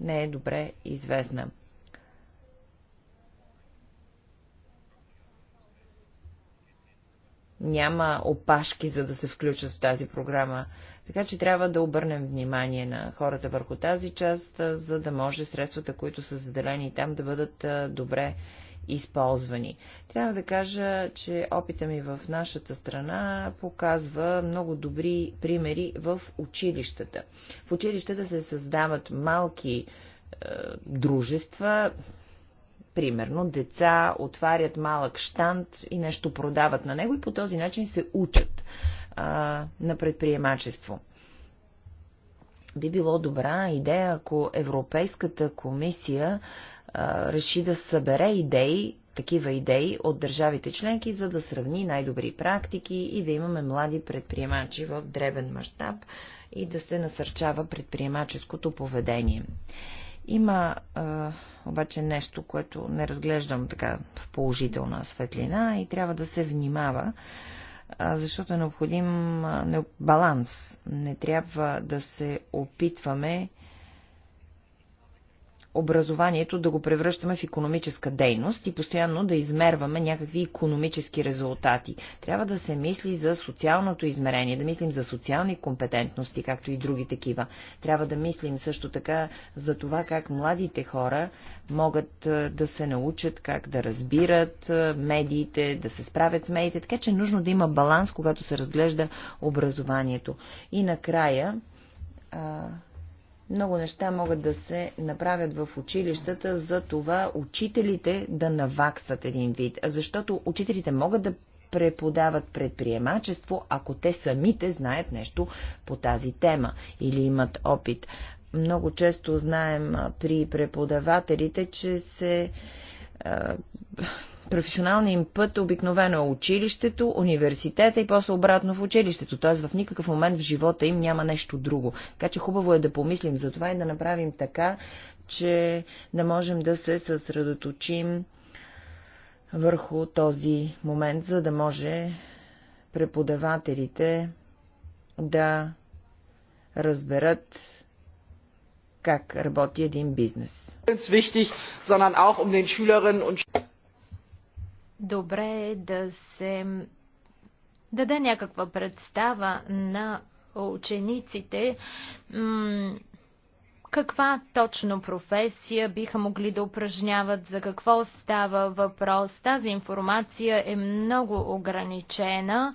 S1: не е добре известна. няма опашки, за да се включат в тази програма. Така че трябва да обърнем внимание на хората върху тази част, за да може средствата, които са заделени там, да бъдат добре използвани. Трябва да кажа, че опита ми в нашата страна показва много добри примери в училищата. В училищата се създават малки е, дружества, примерно деца отварят малък штант и нещо продават на него и по този начин се учат е, на предприемачество. Би било добра идея, ако Европейската комисия реши да събере идеи, такива идеи от държавите членки, за да сравни най-добри практики и да имаме млади предприемачи в дребен мащаб и да се насърчава предприемаческото поведение. Има а, обаче нещо, което не разглеждам така в положителна светлина и трябва да се внимава, а, защото е необходим а, не, баланс. Не трябва да се опитваме образованието да го превръщаме в економическа дейност и постоянно да измерваме някакви економически резултати. Трябва да се мисли за социалното измерение, да мислим за социални компетентности, както и други такива. Трябва да мислим също така за това как младите хора могат да се научат, как да разбират медиите, да се справят с медиите, така че е нужно да има баланс, когато се разглежда образованието. И накрая, много неща могат да се направят в училищата за това учителите да наваксат един вид, защото учителите могат да преподават предприемачество, ако те самите знаят нещо по тази тема или имат опит. Много често знаем при преподавателите, че се професионалния им път е обикновено е училището, университета и после обратно в училището. Т.е. в никакъв момент в живота им няма нещо друго. Така че хубаво е да помислим за това и да направим така, че да можем да се съсредоточим върху този момент, за да може преподавателите да разберат как работи един бизнес
S5: добре е да се даде някаква представа на учениците каква точно професия биха могли да упражняват, за какво става въпрос. Тази информация е много ограничена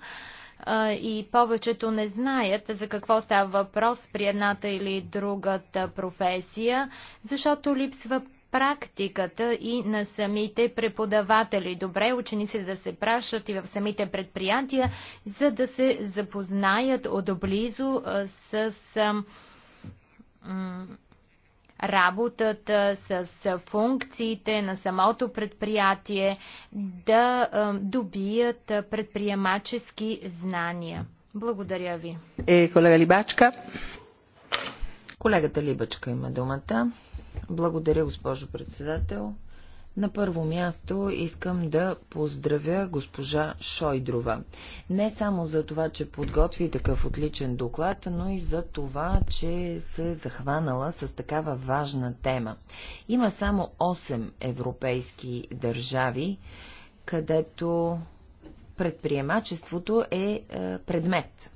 S5: и повечето не знаят за какво става въпрос при едната или другата професия, защото липсва практиката и на самите преподаватели. Добре е ученици да се пращат и в самите предприятия, за да се запознаят отблизо с работата, с функциите на самото предприятие, да добият предприемачески знания. Благодаря ви.
S1: Е, колега Либачка. Колегата Либачка има думата. Благодаря, госпожо председател. На първо място искам да поздравя госпожа Шойдрова. Не само за това, че подготви такъв отличен доклад, но и за това, че се е захванала с такава важна тема. Има само 8 европейски държави, където предприемачеството е, е предмет,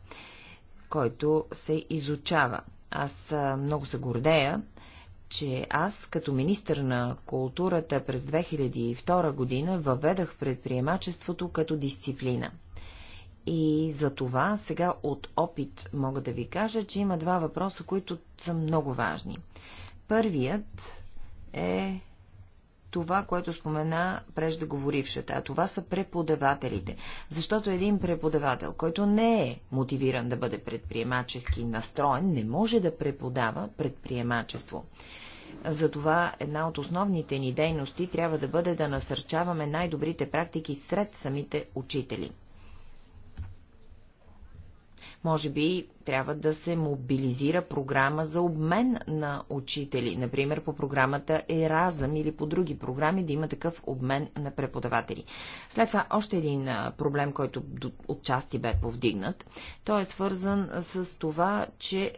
S1: който се изучава. Аз е, много се гордея, че аз, като министър на културата през 2002 година, въведах предприемачеството като дисциплина. И за това сега от опит мога да ви кажа, че има два въпроса, които са много важни. Първият е това, което спомена преждеговорившата, а това са преподавателите. Защото един преподавател, който не е мотивиран да бъде предприемачески настроен, не може да преподава предприемачество. Затова една от основните ни дейности трябва да бъде да насърчаваме най-добрите практики сред самите учители. Може би трябва да се мобилизира програма за обмен на учители, например по програмата Еразъм или по други програми да има такъв обмен на преподаватели. След това още един проблем, който отчасти бе повдигнат. Той е свързан с това, че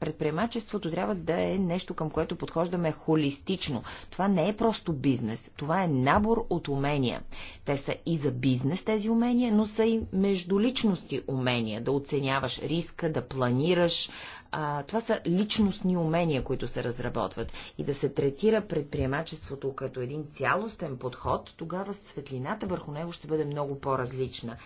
S1: предприемачеството трябва да е нещо, към което подхождаме холистично. Това не е просто бизнес, това е набор от умения. Те са и за бизнес тези умения, но са и междуличности умения, да оценяваш риска, да планираш. А, това са личностни умения, които се разработват. И да се третира предприемачеството като един цялостен подход, тогава светлината върху него ще бъде много по-различна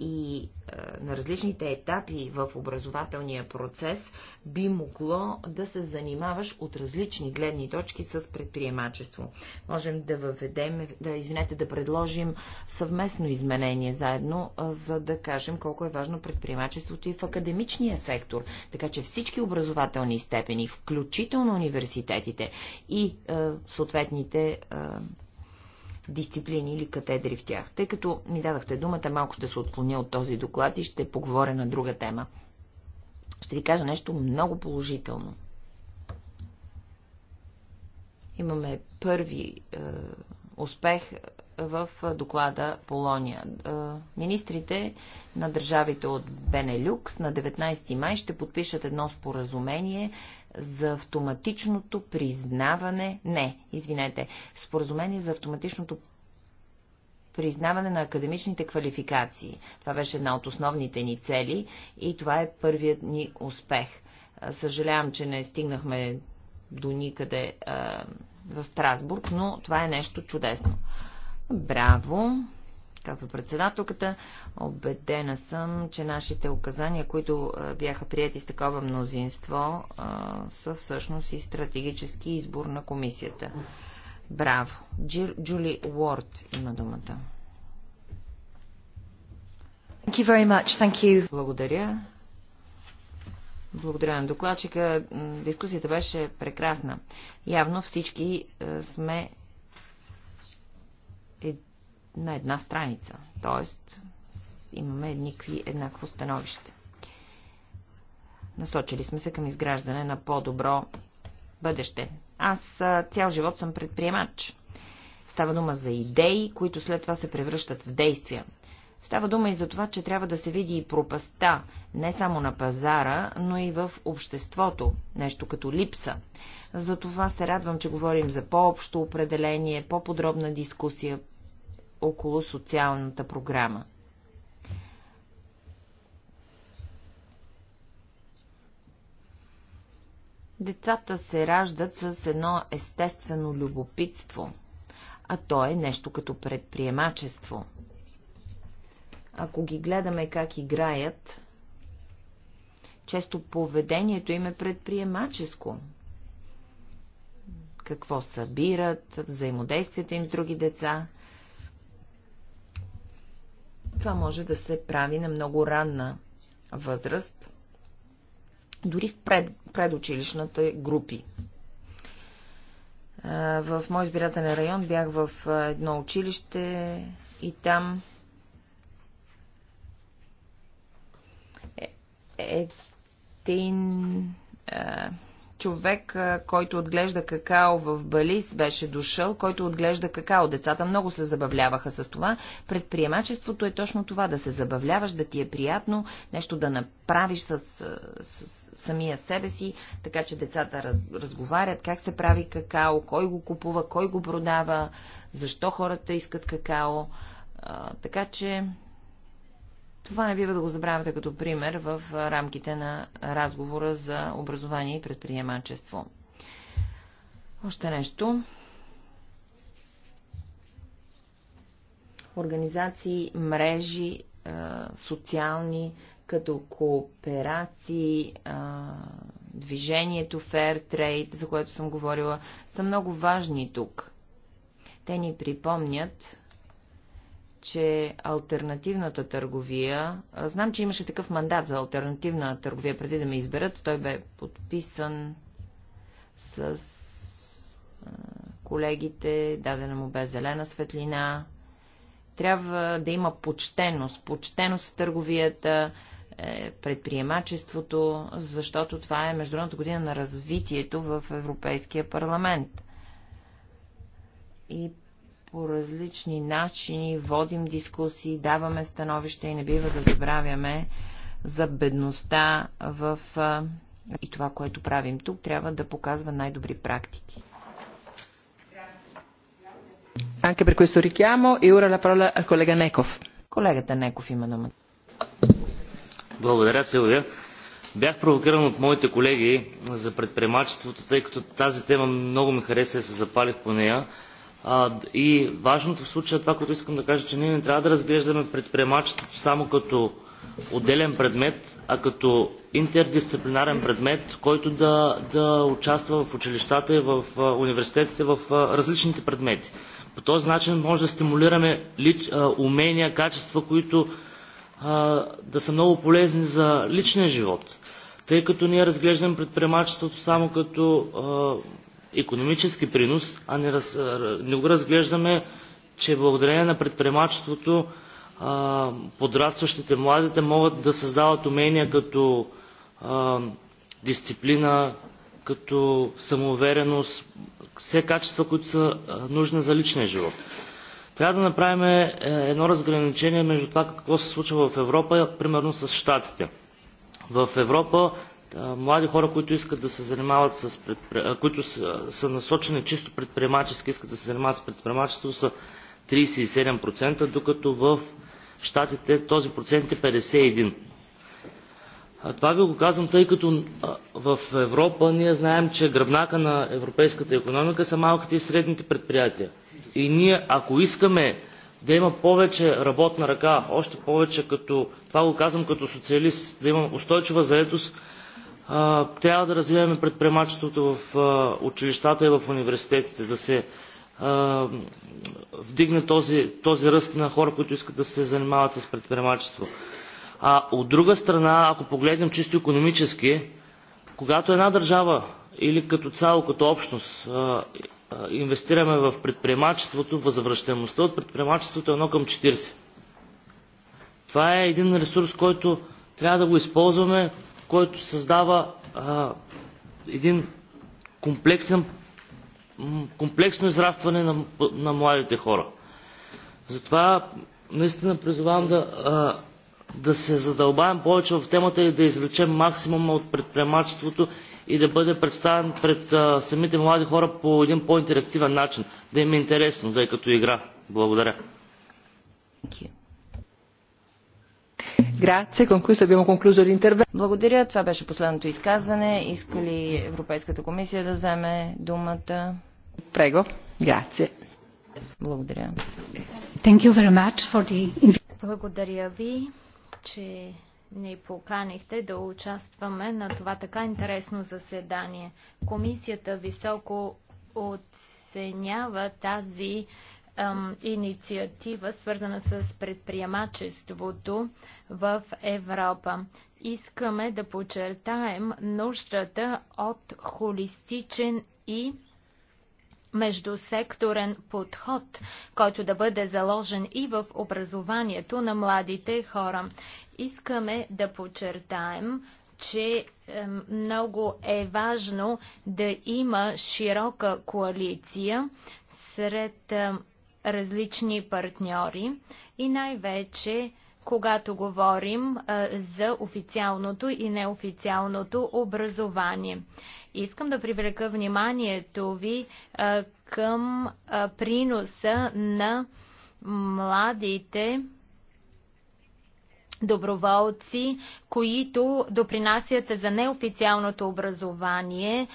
S1: и е, на различните етапи в образователния процес би могло да се занимаваш от различни гледни точки с предприемачество. Можем да въведем, да извинете, да предложим съвместно изменение заедно, за да кажем колко е важно предприемачеството и в академичния сектор, така че всички образователни степени, включително университетите и е, съответните е, дисциплини или катедри в тях. Тъй като ми дадахте думата, малко ще се отклоня от този доклад и ще поговоря на друга тема. Ще ви кажа нещо много положително. Имаме първи е, успех в доклада Полония. Е, министрите на държавите от Бенелюкс на 19 май ще подпишат едно споразумение за автоматичното признаване, не, извинете, споразумение за автоматичното признаване на академичните квалификации. Това беше една от основните ни цели и това е първият ни успех. Е, съжалявам, че не стигнахме до никъде а, е, в Страсбург, но това е нещо чудесно. Браво! казва председателката. Обедена съм, че нашите указания, които бяха прияти с такова мнозинство, са всъщност и стратегически избор на комисията. Браво! Джули Уорд има думата. Thank you very much. Thank you. Благодаря. Благодаря на докладчика. Дискусията беше прекрасна. Явно всички сме на една страница. Тоест, имаме едникви, еднакво становище. Насочили сме се към изграждане на по-добро бъдеще. Аз цял живот съм предприемач. Става дума за идеи, които след това се превръщат в действия. Става дума и за това, че трябва да се види и пропаста, не само на пазара, но и в обществото, нещо като липса. Затова се радвам, че говорим за по-общо определение, по-подробна дискусия, около социалната програма. Децата се раждат с едно естествено любопитство, а то е нещо като предприемачество. Ако ги гледаме как играят, често поведението им е предприемаческо. Какво събират, взаимодействията им с други деца, това може да се прави на много ранна възраст, дори в пред, предучилищната групи. В мой избирателен район бях в едно училище и там е, един човек, който отглежда какао в Балис, беше дошъл, който отглежда какао. Децата много се забавляваха с това. Предприемачеството е точно това, да се забавляваш, да ти е приятно, нещо да направиш с, с, с самия себе си, така че децата раз, разговарят как се прави какао, кой го купува, кой го продава, защо хората искат какао. А, така че това не бива да го забравяте като пример в рамките на разговора за образование и предприемачество. Още нещо. Организации, мрежи, социални, като кооперации, движението Fair Trade, за което съм говорила, са много важни тук. Те ни припомнят че альтернативната търговия... Знам, че имаше такъв мандат за альтернативна търговия преди да ме изберат. Той бе подписан с колегите, дадена му бе зелена светлина. Трябва да има почтеност. Почтеност в търговията, е, предприемачеството, защото това е Международната година на развитието в Европейския парламент. И по различни начини водим дискусии, даваме становища и не бива да забравяме за бедността в и това, което правим тук, трябва да показва най-добри практики. Anche per questo richiamo e ora la parola al collega Неков. Колегата Неков има дома.
S2: Благодаря, Силвия. Бях провокиран от моите колеги за предприемачеството, тъй като тази тема много ми хареса и се запалих по нея. И важното в случая, е това, което искам да кажа, че ние не трябва да разглеждаме предприемачеството само като отделен предмет, а като интердисциплинарен предмет, който да, да участва в училищата и в университетите в различните предмети. По този начин може да стимулираме лич, умения, качества, които а, да са много полезни за личния живот. Тъй като ние разглеждаме предприемачеството само като а, економически принос, а не, раз, не го разглеждаме, че благодарение на предприемачеството подрастващите младите могат да създават умения като а, дисциплина, като самоувереност, все качества, които са нужни за личния живот. Трябва да направим е, едно разграничение между това какво се случва в Европа, примерно с Штатите. В Европа млади хора, които искат да се занимават с предпри... които са, са насочени чисто предприемачески, искат да се занимават с предприемачество, са 37%, докато в Штатите този процент е 51%. А това ви го казвам, тъй като в Европа ние знаем, че гръбнака на европейската економика са малките и средните предприятия. И ние, ако искаме да има повече работна ръка, още повече като, това го казвам като социалист, да има устойчива заедост, трябва да развиваме предприемачеството в училищата и в университетите, да се вдигне този, този ръст на хора, които искат да се занимават с предприемачество. А от друга страна, ако погледнем чисто економически, когато една държава или като цяло, като общност инвестираме в предприемачеството, възвръщаемостта от предприемачеството е 1 към 40. Това е един ресурс, който трябва да го използваме който създава а, един комплексен, комплексно израстване на, на младите хора. Затова наистина призовавам да, да се задълбаем повече в темата и да извлечем максимума от предприемачеството и да бъде представен пред а, самите млади хора по един по-интерактивен начин. Да им е интересно, да е като игра. Благодаря. Thank you.
S1: Благодаря. Това беше последното изказване. Иска ли Европейската комисия да вземе думата? Прего. Грация. Благодаря.
S5: The... Благодаря ви, че ни поканихте да участваме на това така интересно заседание. Комисията високо оценява тази инициатива, свързана с предприемачеството в Европа. Искаме да подчертаем нуждата от холистичен и междусекторен подход, който да бъде заложен и в образованието на младите хора. Искаме да подчертаем, че много е важно да има широка коалиция сред различни партньори и най-вече когато говорим а, за официалното и неофициалното образование. Искам да привлека вниманието ви а, към а, приноса на младите доброволци, които допринасят за неофициалното образование,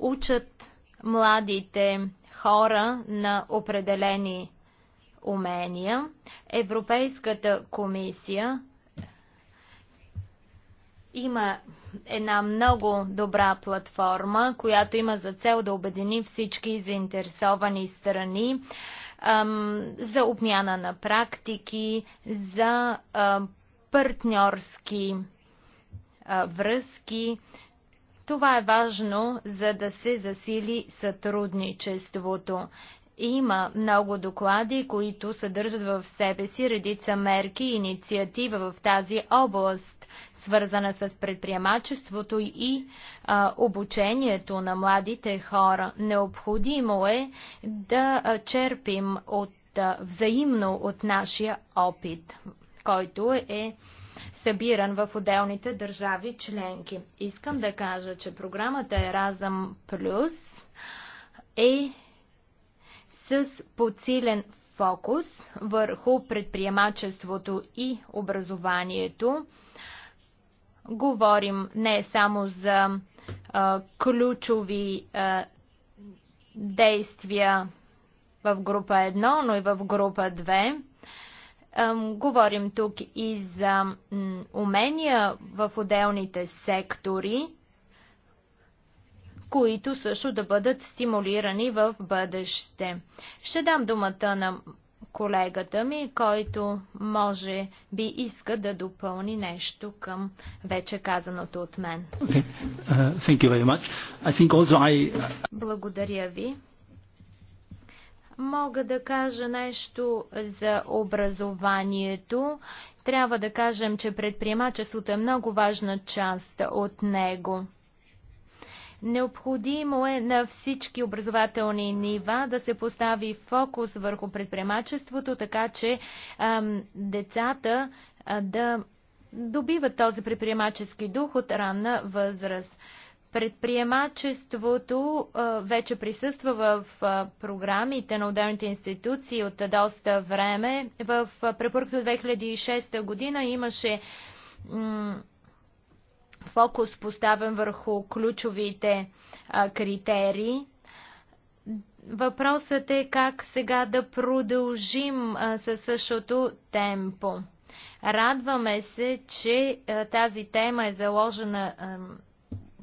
S5: учат младите хора на определени умения. Европейската комисия има една много добра платформа, която има за цел да обедини всички заинтересовани страни ам, за обмяна на практики, за ам, партньорски а, връзки, това е важно, за да се засили сътрудничеството. Има много доклади, които съдържат в себе си редица мерки и инициатива в тази област, свързана с предприемачеството и а, обучението на младите хора. Необходимо е да черпим от, а, взаимно от нашия опит, който е събиран в отделните държави членки. Искам да кажа, че програмата Еразъм Плюс е с подсилен фокус върху предприемачеството и образованието. Говорим не само за а, ключови а, действия в група 1, но и в група Говорим тук и за умения в отделните сектори, които също да бъдат стимулирани в бъдеще. Ще дам думата на колегата ми, който може би иска да допълни нещо към вече казаното от мен. Okay.
S4: Uh, I... Uh,
S5: Благодаря ви. Мога да кажа нещо за образованието. Трябва да кажем, че предприемачеството е много важна част от него. Необходимо е на всички образователни нива да се постави фокус върху предприемачеството, така че ам, децата а, да добиват този предприемачески дух от ранна възраст. Предприемачеството вече присъства в програмите на отделните институции от доста време. В препоръката от 2006 година имаше фокус поставен върху ключовите критерии. Въпросът е как сега да продължим със същото темпо. Радваме се, че тази тема е заложена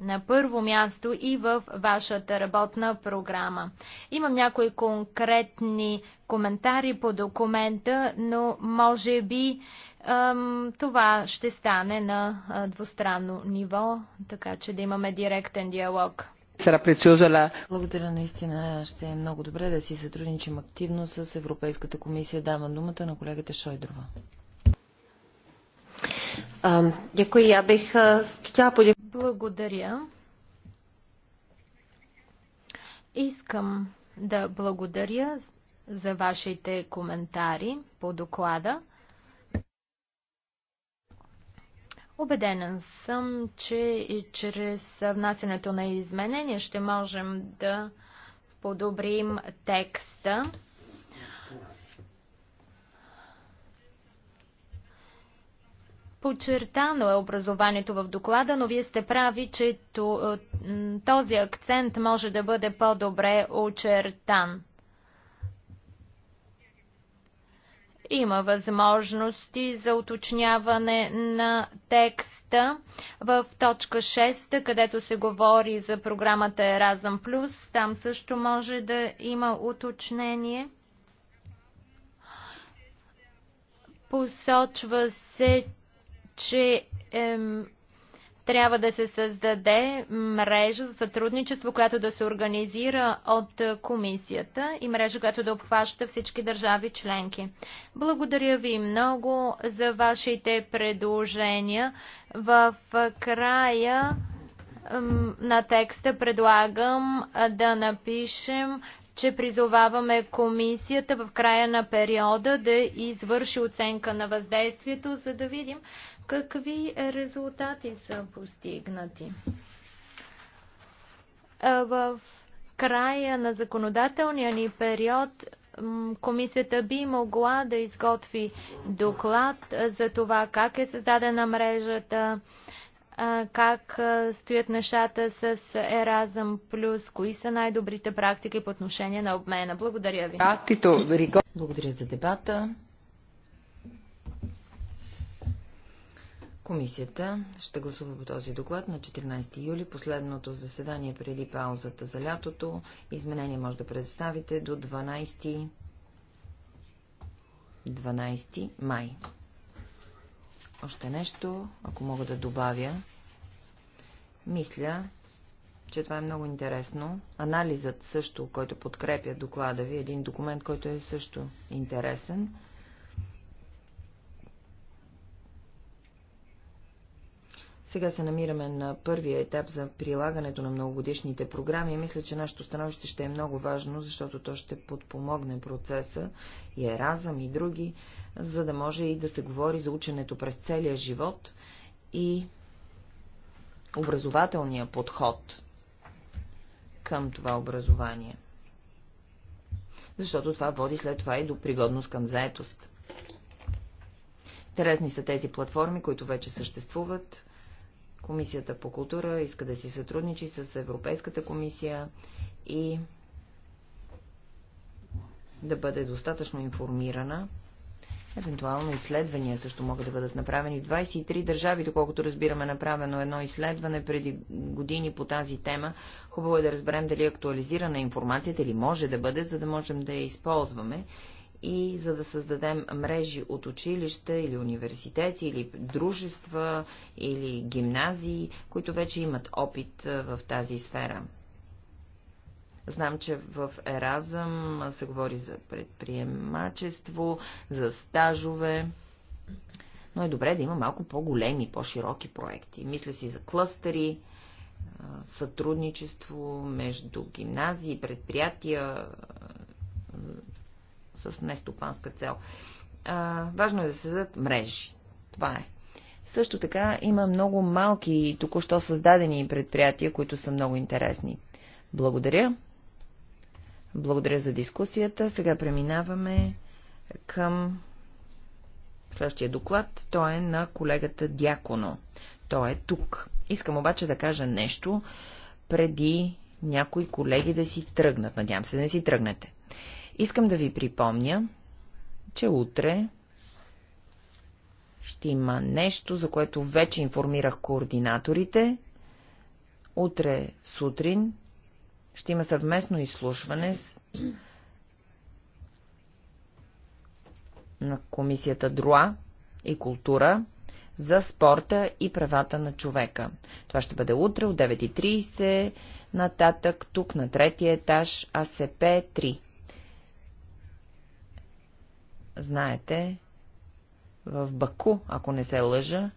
S5: на първо място и в вашата работна програма. Имам някои конкретни коментари по документа, но може би ем, това ще стане на двустранно ниво, така че да имаме директен диалог. Благодаря
S1: наистина. Ще е много добре да си сътрудничим активно с Европейската комисия. Давам думата на колегата Шойдрова.
S5: Eh, благодаря. Искам да благодаря за вашите коментари по доклада. Обедена съм, че и чрез внасянето на изменения ще можем да подобрим текста. Подчертано е образованието в доклада, но вие сте прави, че е, този акцент може да бъде по-добре очертан. Има възможности за уточняване на текста в точка 6, където се говори за програмата Еразъм Плюс. Там също може да има уточнение. Посочва се, че е, трябва да се създаде мрежа за сътрудничество, която да се организира от комисията и мрежа, която да обхваща всички държави членки. Благодаря ви много за вашите предложения. В края на текста предлагам да напишем че призоваваме комисията в края на периода да извърши оценка на въздействието, за да видим какви резултати са постигнати. В края на законодателния ни период комисията би могла да изготви доклад за това как е създадена мрежата, как стоят нещата с Еразъм Плюс, кои са най-добрите практики по отношение на обмена. Благодаря ви.
S1: Благодаря за дебата. Комисията ще гласува по този доклад на 14 юли, последното заседание преди паузата за лятото. Изменение може да представите до 12, 12 май. Още нещо, ако мога да добавя. Мисля, че това е много интересно. Анализът също, който подкрепя доклада ви, е един документ, който е също интересен. Сега се намираме на първия етап за прилагането на многогодишните програми и мисля, че нашето становище ще е много важно, защото то ще подпомогне процеса и Еразъм и други, за да може и да се говори за ученето през целия живот и образователния подход към това образование. Защото това води след това и до пригодност към заетост. Интересни са тези платформи, които вече съществуват. Комисията по култура иска да си сътрудничи с Европейската комисия и да бъде достатъчно информирана Евентуално изследвания също могат да бъдат направени. В 23 държави, доколкото разбираме, направено едно изследване преди години по тази тема. Хубаво е да разберем дали е актуализирана информацията или може да бъде, за да можем да я използваме и за да създадем мрежи от училища или университети, или дружества, или гимназии, които вече имат опит в тази сфера. Знам, че в Еразъм се говори за предприемачество, за стажове, но е добре да има малко по-големи, по-широки проекти. Мисля си за клъстери, сътрудничество между гимназии, предприятия с нестопанска цел. Важно е да се създадат мрежи. Това е. Също така има много малки и току-що създадени предприятия, които са много интересни. Благодаря. Благодаря за дискусията. Сега преминаваме към следващия доклад. Той е на колегата Дяконо. Той е тук. Искам обаче да кажа нещо преди някои колеги да си тръгнат. Надявам се да не си тръгнете. Искам да ви припомня, че утре ще има нещо, за което вече информирах координаторите. Утре сутрин ще има съвместно изслушване с... на комисията ДРУА и култура за спорта и правата на човека. Това ще бъде утре от 9.30 нататък, тук на третия етаж АСП 3. Знаете, в Баку, ако не се лъжа,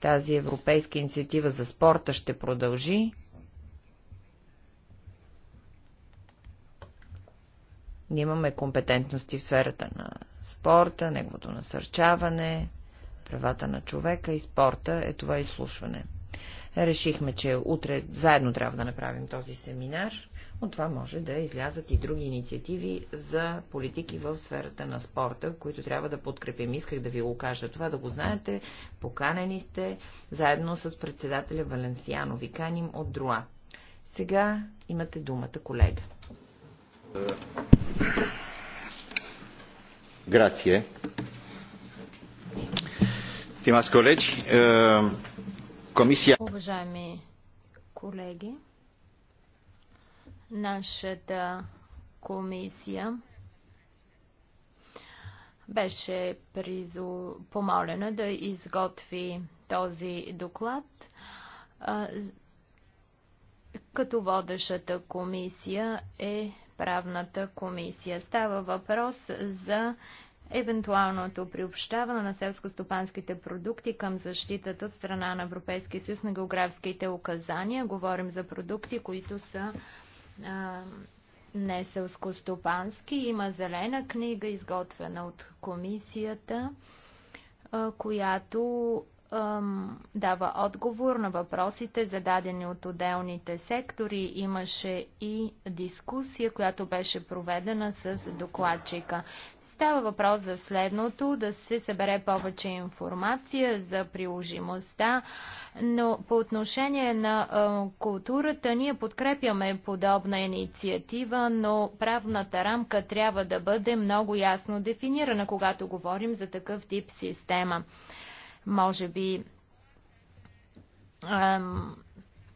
S1: тази европейска инициатива за спорта ще продължи Ние имаме компетентности в сферата на спорта, неговото насърчаване, правата на човека и спорта е това изслушване. Решихме, че утре заедно трябва да направим този семинар. От това може да излязат и други инициативи за политики в сферата на спорта, които трябва да подкрепим. Исках да ви го кажа това, да го знаете. Поканени сте заедно с председателя Валенсиано. Ви каним от Друа. Сега имате думата, колега.
S3: Комисия. Ehm,
S5: Уважаеми колеги, нашата комисия беше призу, помолена да изготви този доклад. Като водещата комисия е правната комисия. Става въпрос за евентуалното приобщаване на селско-стопанските продукти към защитата от страна на Европейския съюз на географските указания. Говорим за продукти, които са а, не селскостопански. Има зелена книга, изготвена от комисията, а, която дава отговор на въпросите, зададени от отделните сектори. Имаше и дискусия, която беше проведена с докладчика. Става въпрос за следното, да се събере повече информация за приложимостта, но по отношение на културата ние подкрепяме подобна инициатива, но правната рамка трябва да бъде много ясно дефинирана, когато говорим за такъв тип система. Може би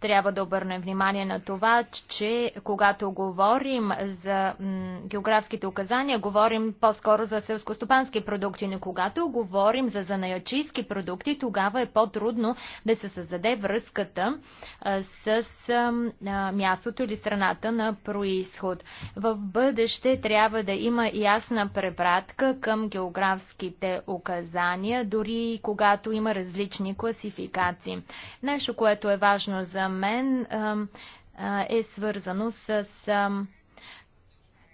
S5: трябва да обърнем внимание на това, че когато говорим за географските указания, говорим по-скоро за селскостопански продукти, но когато говорим за занаячийски продукти, тогава е по-трудно да се създаде връзката с мястото или страната на происход. В бъдеще трябва да има ясна препратка към географските указания, дори когато има различни класификации. Нещо, което е важно за мен е свързано с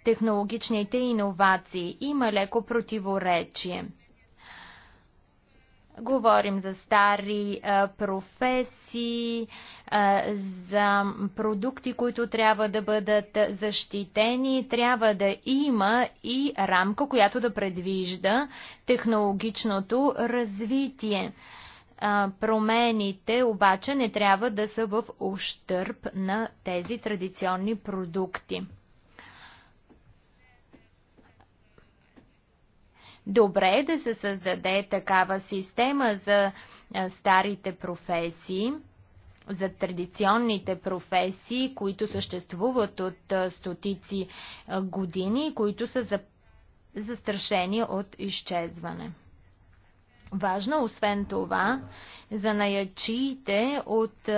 S5: технологичните иновации. Има леко противоречие. Говорим за стари професии, за продукти, които трябва да бъдат защитени. Трябва да има и рамка, която да предвижда технологичното развитие промените обаче не трябва да са в ущърп на тези традиционни продукти. Добре е да се създаде такава система за старите професии, за традиционните професии, които съществуват от стотици години, които са застрашени от изчезване. Важно, освен това, за наячиите от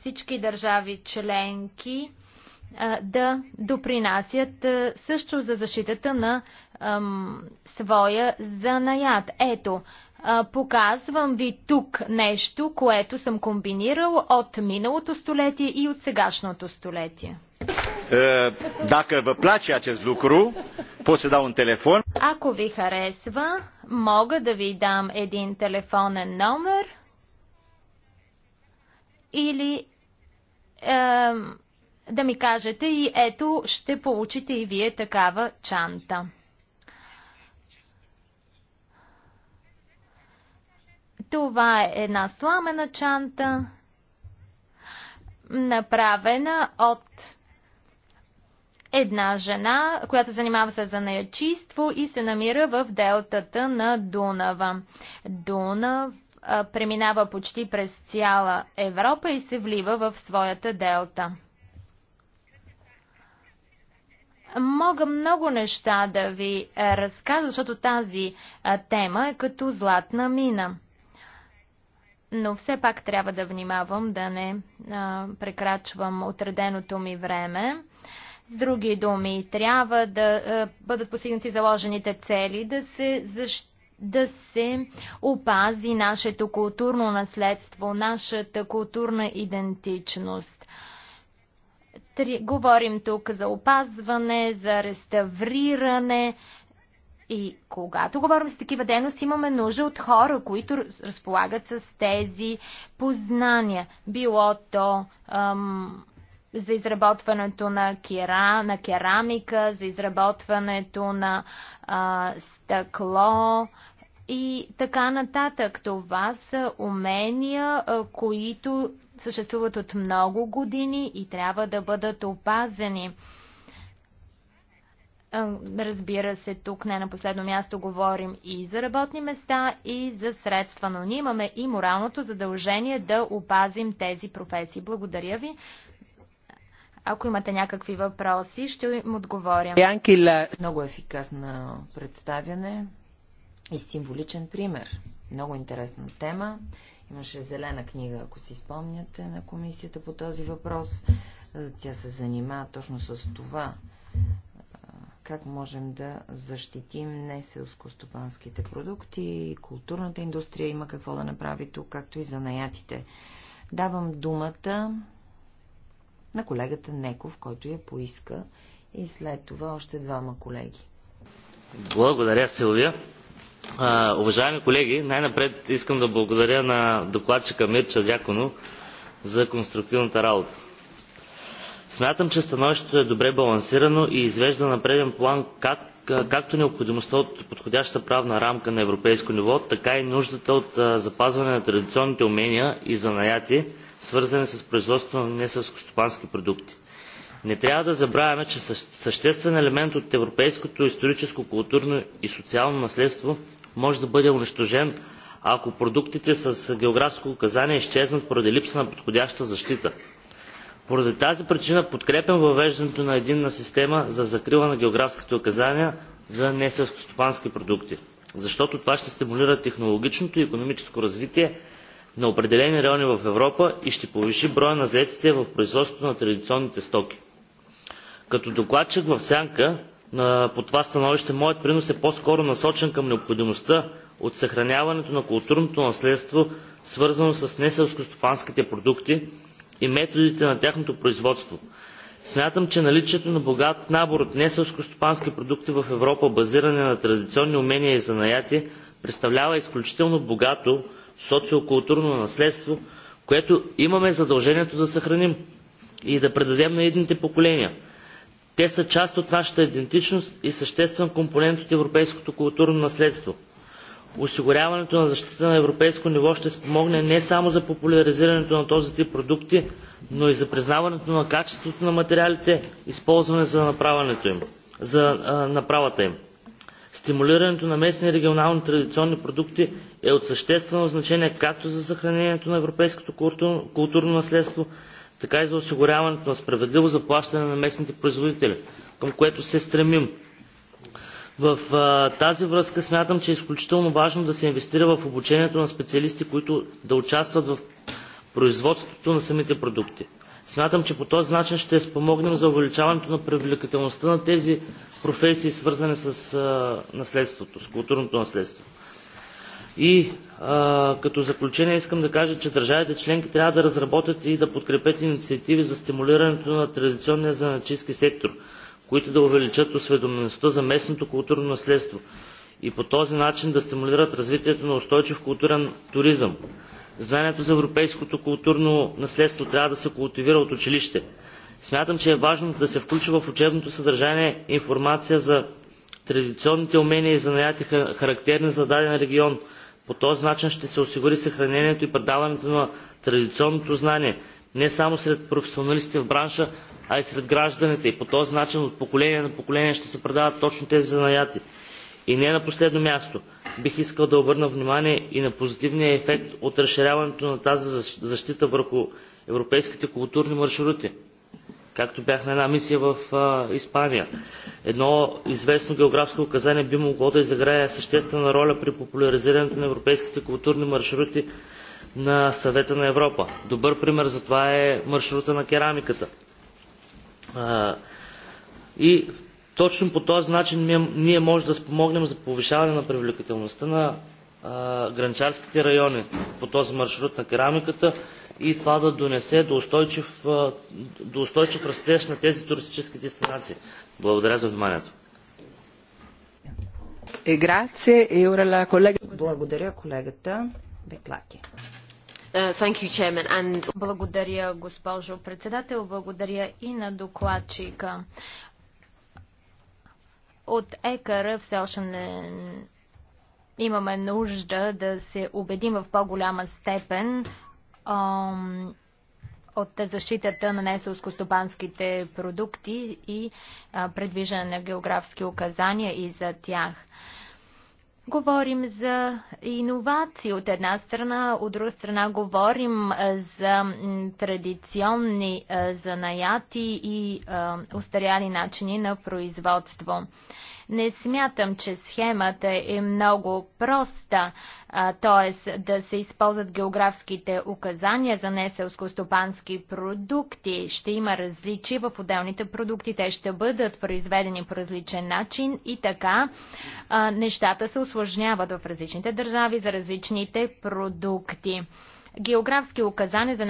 S5: всички държави членки да допринасят също за защитата на ам, своя занаят. Ето, показвам ви тук нещо, което съм комбинирал от миналото столетие и от сегашното столетие.
S3: Е, dacă vă place acest lucru, pot să dau un telefon.
S5: Ако ви харесва, мога да ви дам един телефонен номер или да ми кажете и ето ще получите и вие такава чанта. Това е една сламена чанта, направена от една жена, която занимава се за неячиство и се намира в делтата на Дунава. Дунав преминава почти през цяла Европа и се влива в своята делта. Мога много неща да ви разкажа, защото тази тема е като златна мина. Но все пак трябва да внимавам да не прекрачвам отреденото ми време. С други думи, трябва да е, бъдат постигнати заложените цели, да се защитят да се опази нашето културно наследство, нашата културна идентичност. Три, говорим тук за опазване, за реставриране. И когато говорим за такива дейности, имаме нужда от хора, които разполагат с тези познания. Било то ам, за изработването на, кера, на керамика, за изработването на а, стъкло и така нататък. Това са умения, а, които съществуват от много години и трябва да бъдат опазени. Разбира се, тук не на последно място говорим и за работни места, и за средства, но ние имаме и моралното задължение да опазим тези професии. Благодаря ви. Ако имате някакви въпроси, ще им отговоря.
S1: Много ефикасно представяне и символичен пример. Много интересна тема. Имаше зелена книга, ако си спомняте, на комисията по този въпрос. Тя се занимава точно с това, как можем да защитим не селско-стопанските продукти, културната индустрия има какво да направи тук, както и занаятите. Давам думата на колегата Неков, който я поиска и след това още двама колеги.
S2: Благодаря, Силвия. А, уважаеми колеги, най-напред искам да благодаря на докладчика Мирча Дяконо за конструктивната работа. Смятам, че становището е добре балансирано и извежда на преден план как, както необходимостта от подходяща правна рамка на европейско ниво, така и нуждата от запазване на традиционните умения и занаяти – свързани с производството на неселскостопански продукти. Не трябва да забравяме, че съществен елемент от европейското историческо, културно и социално наследство може да бъде унищожен, ако продуктите с географско указание изчезнат поради липса на подходяща защита. Поради тази причина подкрепям въвеждането на единна система за закрила на географските указания за неселскостопански продукти, защото това ще стимулира технологичното и економическо развитие на определени райони в Европа и ще повиши броя на заетите в производството на традиционните стоки. Като докладчик в сянка по това становище моят принос е по-скоро насочен към необходимостта от съхраняването на културното наследство, свързано с неселскостопанските продукти и методите на тяхното производство. Смятам, че наличието на богат набор от неселскостопански продукти в Европа, базиране на традиционни умения и занаяти, представлява изключително богато социокултурно наследство, което имаме задължението да съхраним и да предадем на едните поколения. Те са част от нашата идентичност и съществен компонент от европейското културно наследство. Осигуряването на защита на европейско ниво ще спомогне не само за популяризирането на този тип продукти, но и за признаването на качеството на материалите, използване за направането им, за направата им. Стимулирането на местни и регионални традиционни продукти е от съществено значение както за съхранението на европейското културно наследство, така и за осигуряването на справедливо заплащане на местните производители, към което се стремим. В а, тази връзка смятам, че е изключително важно да се инвестира в обучението на специалисти, които да участват в производството на самите продукти. Смятам, че по този начин ще спомогнем за увеличаването на привлекателността на тези професии, свързани с наследството, с културното наследство. И а, като заключение искам да кажа, че държавите членки трябва да разработят и да подкрепят инициативи за стимулирането на традиционния заначийски сектор, които да увеличат осведомеността за местното културно наследство и по този начин да стимулират развитието на устойчив културен туризъм Знанието за европейското културно наследство трябва да се култивира от училище. Смятам, че е важно да се включи в учебното съдържание информация за традиционните умения и занаяти характерни за даден регион. По този начин ще се осигури съхранението и предаването на традиционното знание не само сред професионалистите в бранша, а и сред гражданите. И по този начин от поколение на поколение ще се предават точно тези занаяти. И не на последно място – бих искал да обърна внимание и на позитивния ефект от разширяването на тази защита върху европейските културни маршрути. Както бях на една мисия в а, Испания, едно известно географско указание би могло да изиграе съществена роля при популяризирането на европейските културни маршрути на Съвета на Европа. Добър пример за това е маршрута на керамиката. А, и точно по този начин ние може да спомогнем за повишаване на привлекателността на гранчарските райони по този маршрут на керамиката и това да донесе до устойчив, до устойчив растеж на тези туристически дестинации. Благодаря за вниманието.
S4: Е, е,
S1: Благодаря колегата Беклаки.
S5: Е, Благодаря, госпожо председател. Благодаря и на докладчика. От екара все още не имаме нужда да се убедим в по-голяма степен ам, от защитата на неселско-стопанските продукти и а, предвиждане на географски указания и за тях. Говорим за иновации от една страна, от друга страна говорим за традиционни занаяти и устаряли начини на производство. Не смятам, че схемата е много проста, т.е. да се използват географските указания за неселско-стопански продукти. Ще има различия в отделните продукти. Те ще бъдат произведени по различен начин и така а, нещата се осложняват в различните държави за различните продукти. Географски указания за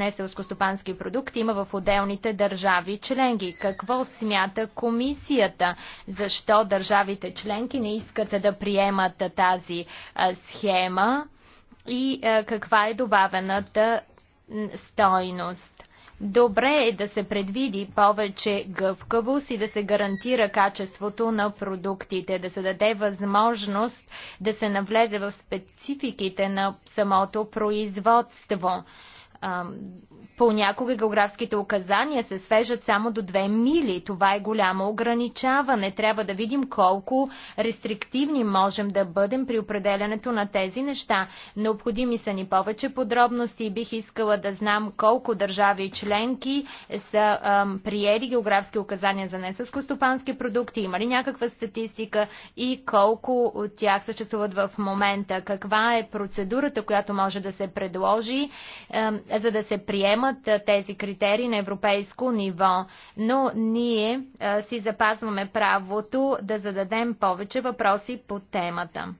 S5: неселскостопански продукти има в отделните държави членки. Какво смята комисията? Защо държавите членки не искат да приемат тази схема? И каква е добавената стойност? Добре е да се предвиди повече гъвкавост и да се гарантира качеството на продуктите, да се даде възможност да се навлезе в спецификите на самото производство. Понякога географските указания се свежат само до 2 мили. Това е голямо ограничаване. Трябва да видим колко рестриктивни можем да бъдем при определянето на тези неща. Необходими са ни повече подробности и бих искала да знам колко държави и членки са ам, приели географски указания за несъскостопански продукти. Има ли някаква статистика и колко от тях съществуват в момента? Каква е процедурата, която може да се предложи? Ам, за да се приемат тези критерии на европейско ниво. Но ние си запазваме правото да зададем повече въпроси по темата.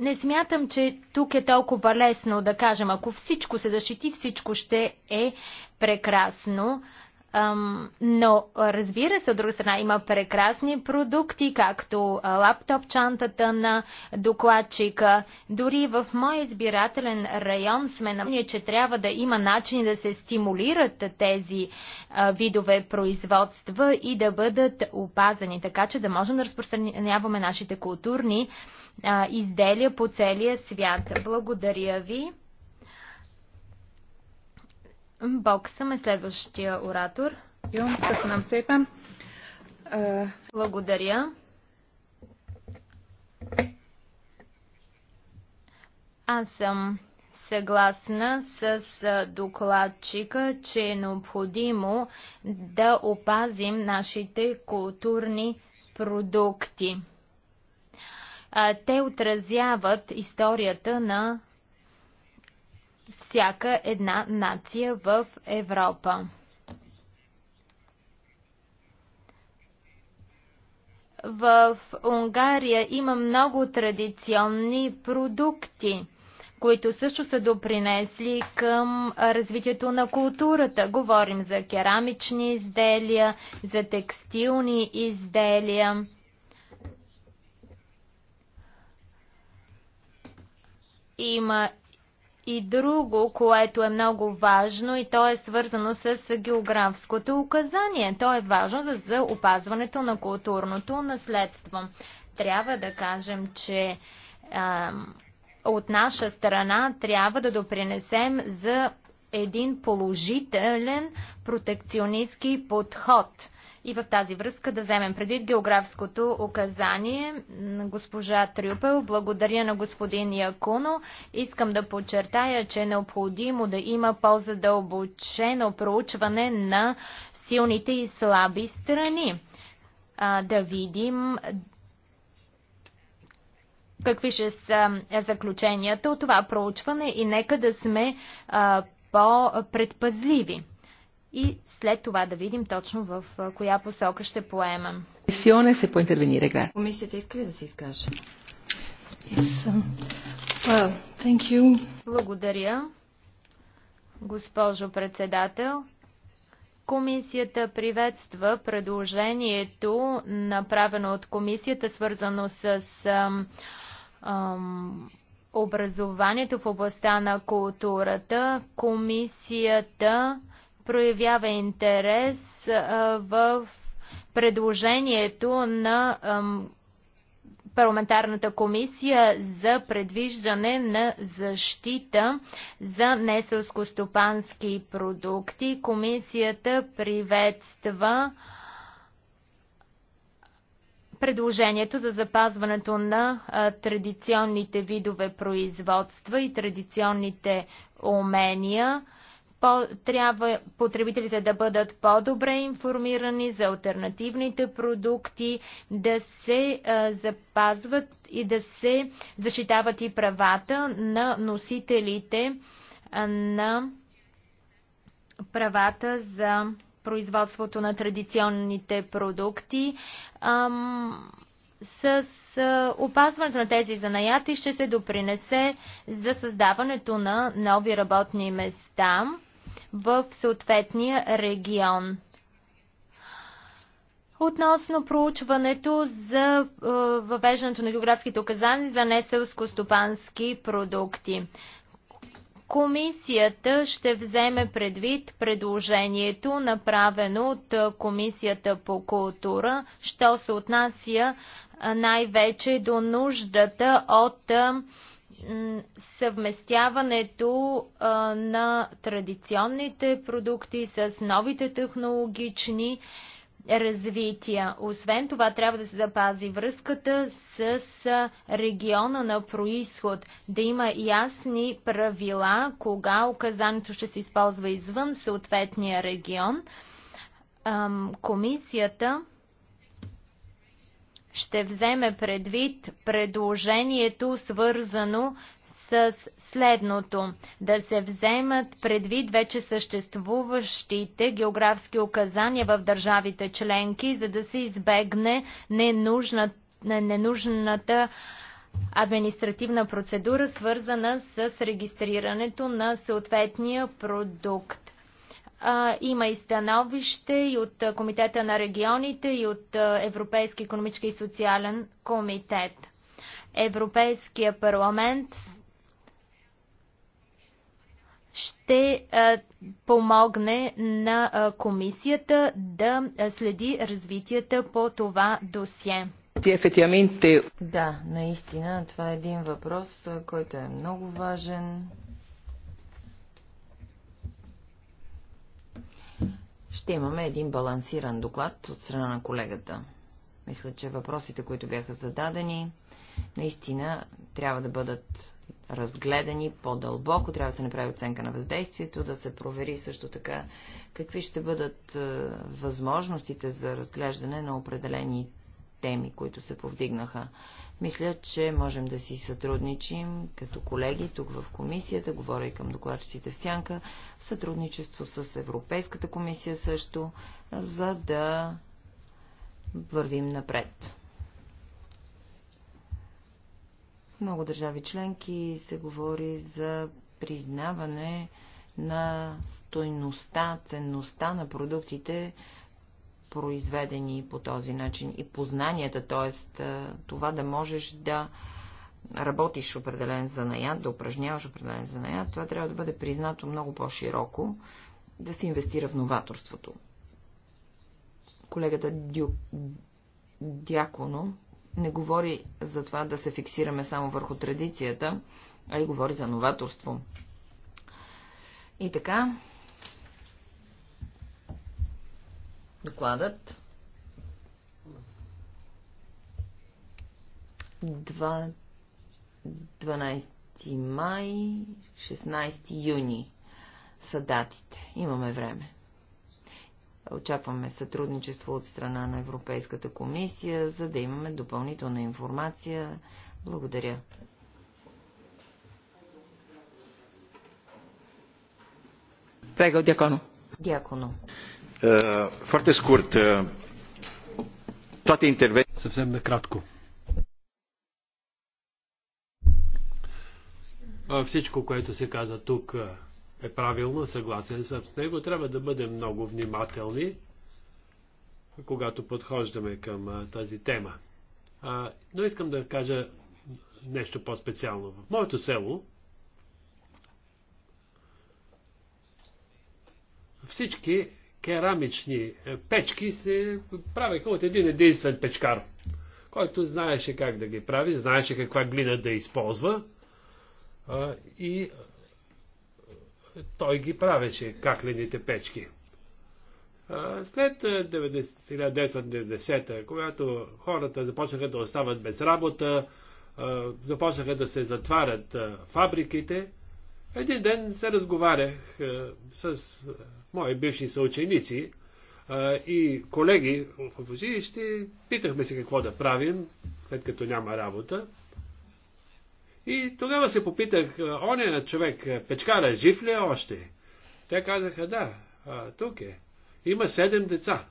S5: Не смятам, че тук е толкова лесно да кажем, ако всичко се защити, всичко ще е прекрасно но разбира се, от друга страна има прекрасни продукти, както лаптоп чантата на докладчика. Дори в моя избирателен район сме намерени, че трябва да има начин да се стимулират тези видове производства и да бъдат опазани, така че да можем да разпространяваме нашите културни изделия по целия свят. Благодаря ви съм е следващия оратор. Благодаря. Аз съм съгласна с докладчика, че е необходимо да опазим нашите културни продукти. Те отразяват историята на всяка една нация в Европа. В Унгария има много традиционни продукти, които също са допринесли към развитието на културата. Говорим за керамични изделия, за текстилни изделия. Има и друго, което е много важно и то е свързано с географското указание. То е важно за, за опазването на културното наследство. Трябва да кажем, че а, от наша страна трябва да допринесем за един положителен протекционистски подход. И в тази връзка да вземем предвид географското указание. Госпожа Трюпел, благодаря на господин Якуно. Искам да подчертая, че е необходимо да има по-задълбочено проучване на силните и слаби страни. А, да видим какви ще са заключенията от това проучване и нека да сме а, по-предпазливи. И след това да видим точно в коя посока ще поемам.
S1: Комисионе се поинтервенира.
S5: Комисията иска ли да се изкаже?
S1: Yes. Um, well, thank you.
S5: Благодаря, госпожо председател. Комисията приветства предложението, направено от комисията, свързано с ам, ам, образованието в областта на културата, комисията проявява интерес в предложението на парламентарната комисия за предвиждане на защита за несълско-стопански продукти. Комисията приветства предложението за запазването на а, традиционните видове производства и традиционните умения. По, трябва потребителите да бъдат по-добре информирани за альтернативните продукти, да се а, запазват и да се защитават и правата на носителите а, на правата за производството на традиционните продукти. с опазването на тези занаяти ще се допринесе за създаването на нови работни места в съответния регион. Относно проучването за въвеждането на географските указания за неселско-стопански продукти. Комисията ще вземе предвид предложението, направено от Комисията по култура, що се отнася най-вече до нуждата от съвместяването на традиционните продукти с новите технологични продукти развития. Освен това, трябва да се запази връзката с региона на происход, да има ясни правила, кога указанието ще се използва извън съответния регион. Комисията ще вземе предвид предложението, свързано с следното. Да се вземат предвид вече съществуващите географски указания в държавите членки, за да се избегне ненужна, ненужната административна процедура, свързана с регистрирането на съответния продукт. Има и становище и от Комитета на регионите, и от Европейски економически и социален комитет. Европейския парламент ще помогне на комисията да следи развитията по това досие.
S1: Да, наистина, това е един въпрос, който е много важен. Ще имаме един балансиран доклад от страна на колегата. Мисля, че въпросите, които бяха зададени, наистина трябва да бъдат разгледани по-дълбоко, трябва да се направи оценка на въздействието, да се провери също така какви ще бъдат е, възможностите за разглеждане на определени теми, които се повдигнаха. Мисля, че можем да си сътрудничим като колеги тук в комисията, говоря и към докладчиците в Сянка, в сътрудничество с Европейската комисия също, за да вървим напред. В много държави членки се говори за признаване на стойността, ценността на продуктите, произведени по този начин и познанията, т.е. това да можеш да работиш определен занаят, да упражняваш определен занаят, това трябва да бъде признато много по-широко, да се инвестира в новаторството. Колегата Дю... Дяконо не говори за това да се фиксираме само върху традицията, а и говори за новаторство. И така, докладът. Два... 12 май, 16 юни са датите. Имаме време. Очакваме сътрудничество от страна на Европейската комисия, за да имаме допълнителна информация. Благодаря. Prego, Дяконо. Дяконо.
S4: Е, foarte скурт. Е, toate intervențiile... Съвсем накратко. Всичко, което се каза тук, е правилно, съгласен съм с него. Трябва да бъдем много внимателни, когато подхождаме към а, тази тема. А, но искам да кажа нещо по-специално. В моето село всички керамични е, печки се правеха от един единствен печкар, който знаеше как да ги прави, знаеше каква глина да използва и той ги правеше каклените печки. След 1990-та, когато хората започнаха да остават без работа, започнаха да се затварят фабриките, един ден се разговарях с мои бивши съученици и колеги в училище, питахме се какво да правим, след като няма работа. И тогава се попитах, оня човек, печкара, жив ли е още? Те казаха, да, а, тук е. Има седем деца.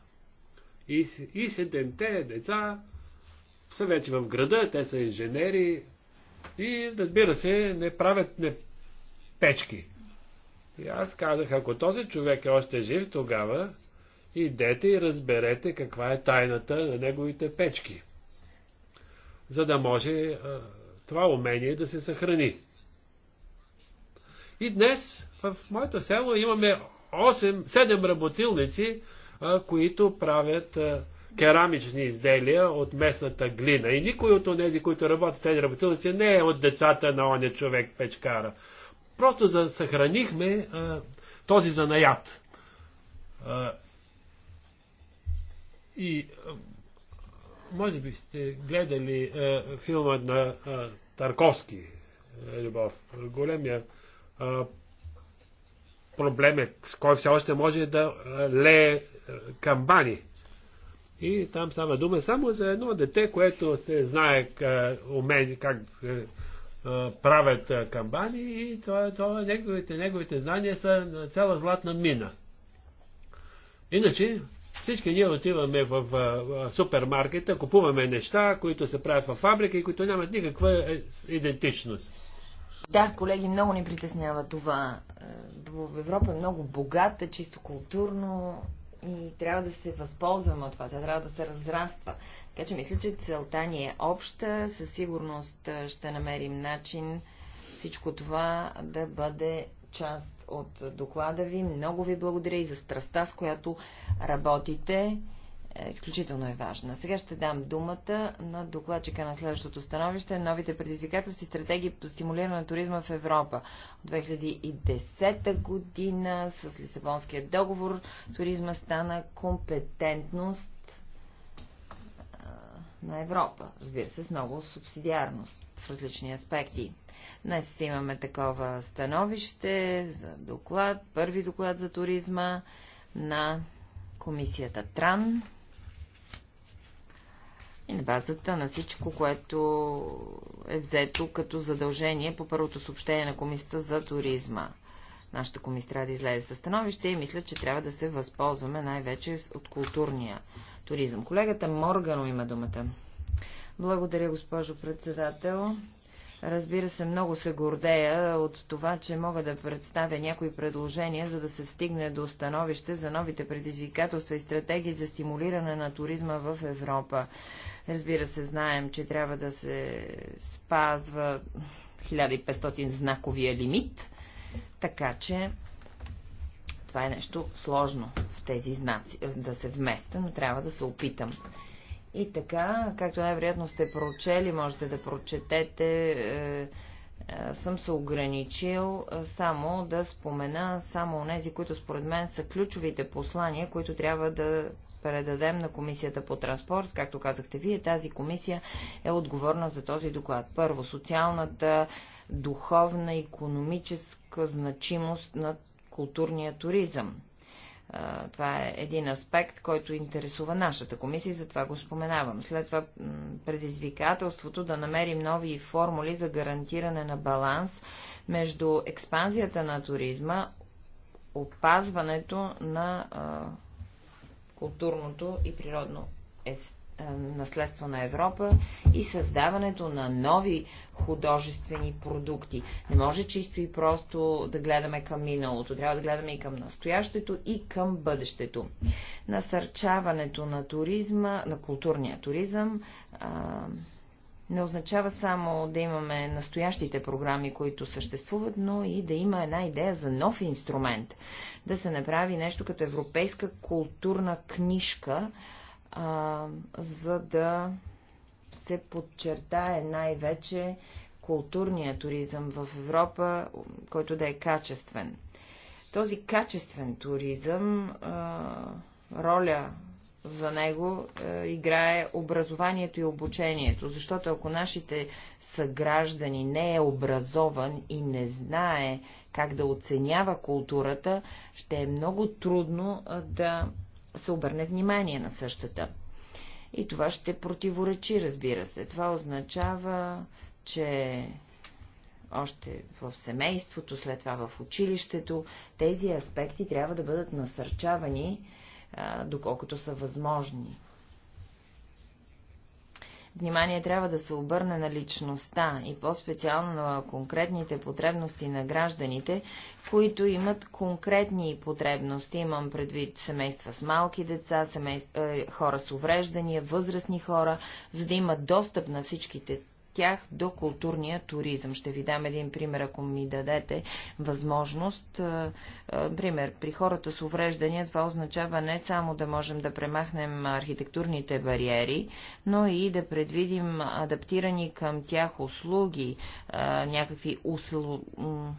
S4: И, и седемте деца са вече в града, те са инженери и разбира се, не правят не печки. И аз казах, ако този човек е още жив, тогава идете и разберете каква е тайната на неговите печки. За да може това умение да се съхрани. И днес в моето село имаме 8, 7 работилници, а, които правят а, керамични изделия от местната глина. И никой от тези, които работят тези работилници, не е от децата на оня човек печкара. Просто за, съхранихме а, този занаят. А, и може би сте гледали е, филма на е, Тарковски, е, Любов. Големия е, проблем е, с кой все още може да е, лее е, камбани. И там става дума само за едно дете, което се знае е, умени как се правят камбани и това, това неговите, неговите знания са цяла златна мина. Иначе всички ние отиваме в, в, в супермаркета, купуваме неща, които се правят в фабрика и които нямат никаква е, идентичност.
S1: Да, колеги, много ни притеснява това. Е, в Европа е много богата, чисто културно и трябва да се възползваме от това. Тя трябва да се разраства. Така че мисля, че целта ни е обща. Със сигурност е, ще намерим начин всичко това да бъде част от доклада ви. Много ви благодаря и за страста, с която работите. Е, изключително е важна. Сега ще дам думата на докладчика на следващото становище новите предизвикателства и стратегии по стимулиране на туризма в Европа. От 2010 година с Лисабонския договор туризма стана компетентност на Европа, разбира се, с много субсидиарност в различни аспекти. Днес имаме такова становище за доклад, първи доклад за туризма на комисията ТРАН. И на базата на всичко, което е взето като задължение по първото съобщение на комисията за туризма. Нашата комистрада да излезе със становище и мисля, че трябва да се възползваме най-вече от културния туризъм. Колегата Моргано има думата. Благодаря, госпожо председател. Разбира се, много се гордея от това, че мога да представя някои предложения, за да се стигне до становище за новите предизвикателства и стратегии за стимулиране на туризма в Европа. Разбира се, знаем, че трябва да се спазва 1500 знаковия лимит така че това е нещо сложно в тези знаци, да се вместа, но трябва да се опитам. И така, както най-вероятно сте прочели, можете да прочетете, е, е съм се ограничил е, само да спомена само онези, които според мен са ключовите послания, които трябва да предадем на Комисията по транспорт. Както казахте вие, тази комисия е отговорна за този доклад. Първо, социалната, духовна, економическа значимост на културния туризъм. Това е един аспект, който интересува нашата комисия и затова го споменавам. След това предизвикателството да намерим нови формули за гарантиране на баланс между експанзията на туризма, опазването на културното и природно е, наследство на Европа и създаването на нови художествени продукти. Не може чисто и просто да гледаме към миналото, трябва да гледаме и към настоящето и към бъдещето. Насърчаването на туризма, на културния туризъм, не означава само да имаме настоящите програми, които съществуват, но и да има една идея за нов инструмент, да се направи нещо като европейска културна книжка, а, за да се подчертае най-вече културния туризъм в Европа, който да е качествен. Този качествен туризъм а, роля за него е, играе образованието и обучението, защото ако нашите съграждани не е образован и не знае как да оценява културата, ще е много трудно е, да се обърне внимание на същата. И това ще противоречи, разбира се. Това означава, че още в семейството, след това в училището, тези аспекти трябва да бъдат насърчавани, доколкото са възможни. Внимание трябва да се обърне на личността и по-специално на конкретните потребности на гражданите, които имат конкретни потребности. Имам предвид семейства с малки деца, семейства, е, хора с увреждания, възрастни хора, за да имат достъп на всичките тях до културния туризъм. Ще ви дам един пример, ако ми дадете възможност. Е, е, пример, при хората с увреждания това означава не само да можем да премахнем архитектурните бариери, но и да предвидим адаптирани към тях услуги, е, някакви усл...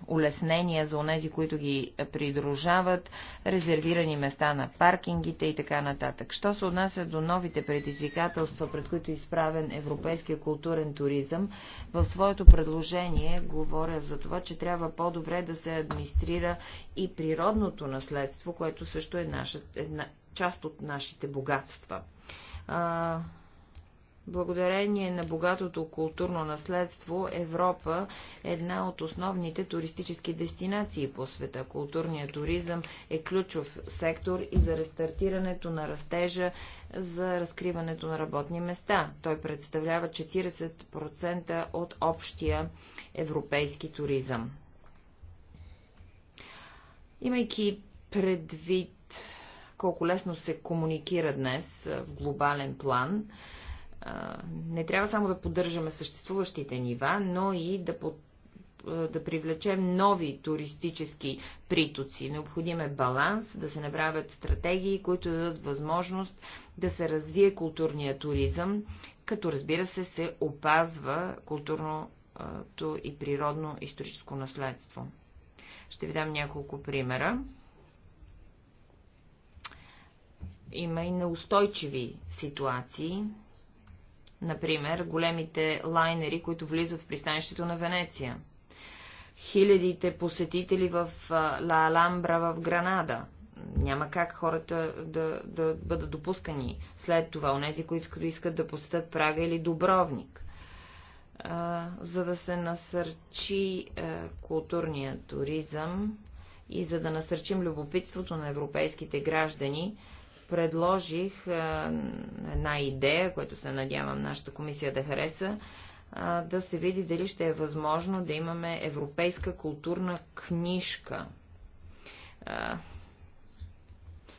S1: улеснения за онези, които ги придружават, резервирани места на паркингите и така нататък. Що се отнася до новите предизвикателства, пред които изправен европейския културен туризъм, тероризъм. В своето предложение говоря за това, че трябва по-добре да се администрира и природното наследство, което също е наша, една, част от нашите богатства. А, Благодарение на богатото културно наследство, Европа е една от основните туристически дестинации по света. Културният туризъм е ключов сектор и за рестартирането на растежа, за разкриването на работни места. Той представлява 40% от общия европейски туризъм. Имайки предвид колко лесно се комуникира днес в глобален план, не трябва само да поддържаме съществуващите нива, но и да, под, да привлечем нови туристически притоци. Необходим е баланс, да се направят стратегии, които дадат възможност да се развие културния туризъм, като разбира се се опазва културното и природно историческо наследство. Ще ви дам няколко примера. Има и неустойчиви ситуации, Например, големите лайнери, които влизат в пристанището на Венеция. Хилядите посетители в Ла Аламбра в Гранада. Няма как хората да, да бъдат допускани след това, онези, които искат да посетят Прага или Добровник за да се насърчи културния туризъм и за да насърчим любопитството на европейските граждани предложих една идея, която се надявам нашата комисия да хареса, да се види дали ще е възможно да имаме европейска културна книжка.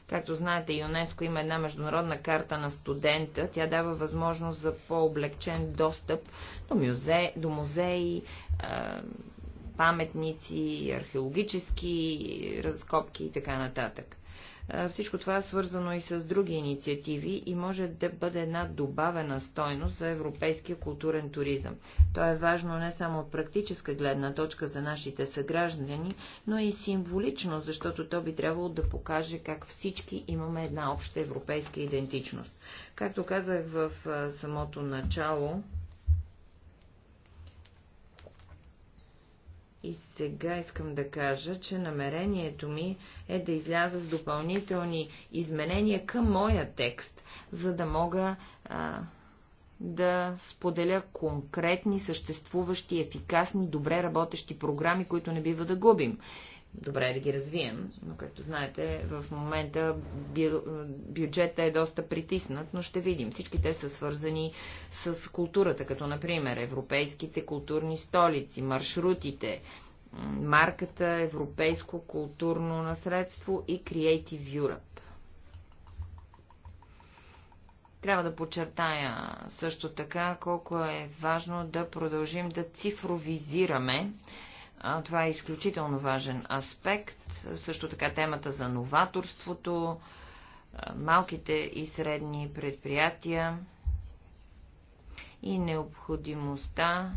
S1: Както знаете, ЮНЕСКО има една международна карта на студента. Тя дава възможност за по-облегчен достъп до, музе, до музеи, паметници, археологически разкопки и така нататък. Всичко това е свързано и с други инициативи и може да бъде една добавена стойност за европейския културен туризъм. То е важно не само от практическа гледна точка за нашите съграждани, но и символично, защото то би трябвало да покаже как всички имаме една обща европейска идентичност. Както казах в самото начало, И сега искам да кажа, че намерението ми е да изляза с допълнителни изменения към моя текст, за да мога а, да споделя конкретни, съществуващи, ефикасни, добре работещи програми, които не бива да губим добре е да ги развием, но както знаете, в момента бюджета е доста притиснат, но ще видим. Всички те са свързани с културата, като например европейските културни столици, маршрутите, марката Европейско културно наследство и Creative Europe. Трябва да подчертая също така колко е важно да продължим да цифровизираме а, това е изключително важен аспект. Също така темата за новаторството, малките и средни предприятия и необходимостта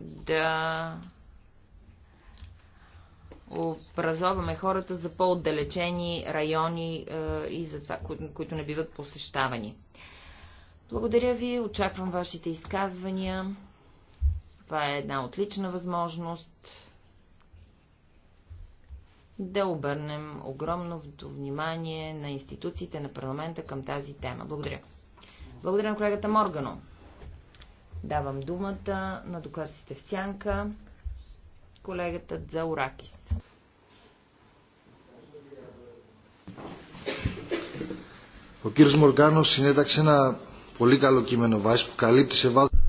S1: да образоваме хората за по-отдалечени райони е, и за това, които, които не биват посещавани. Благодаря ви, очаквам вашите изказвания. Това е една отлична възможност да обърнем огромно внимание на институциите на парламента към тази тема. Благодаря. Благодаря на колегата Моргано. Давам думата на докладците в сянка, колегата Дзауракис.
S2: Ο κύριος Μοργάνος συνέταξε ένα πολύ καλό κείμενο βάση που καλύπτει σε βάθος.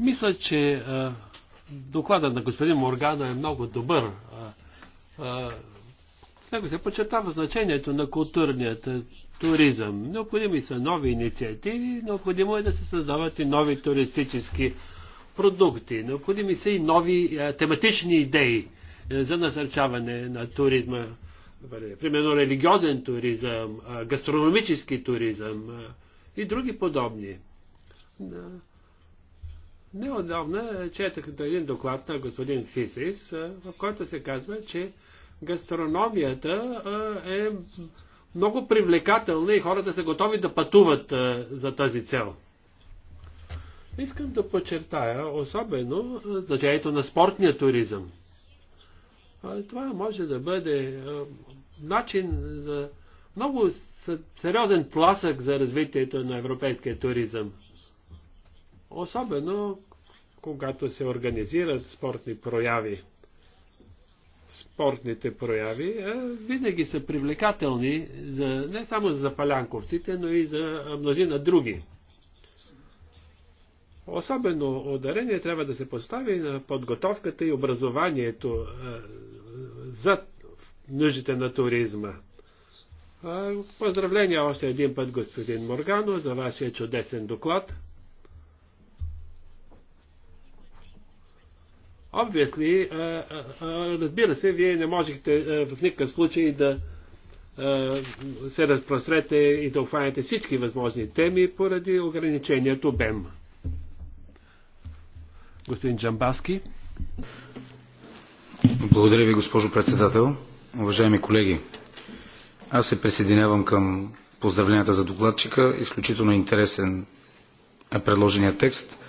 S4: Мисля, че а, докладът на господин Моргано е много добър. А, в него се подчертава значението на културният туризъм. Необходими са нови инициативи, необходимо е да се създават и нови туристически продукти, необходими са и нови а, тематични идеи за насърчаване на туризма. Примерно религиозен туризъм, а, гастрономически туризъм и други подобни. Неодавна четах един доклад на господин Фисис, в който се казва, че гастрономията е много привлекателна и хората са готови да пътуват за тази цел. Искам да подчертая особено значението на спортния туризъм. Това може да бъде начин за много сериозен тласък за развитието на европейския туризъм. Особено когато се организират спортни прояви. Спортните прояви е, винаги са привлекателни за, не само за палянковците, но и за множина други. Особено ударение трябва да се постави на подготовката и образованието е, за нуждите на туризма. Поздравления още един път, господин Моргано, за вашия чудесен доклад. Обвисли, разбира се, вие не можехте в никакъв случай да се разпрострете и да обхванете всички възможни теми поради ограничението БЕМ. Господин
S3: Джамбаски. Благодаря ви, госпожо председател. Уважаеми колеги, аз се присъединявам към поздравленията за докладчика. Изключително интересен е предложения текст –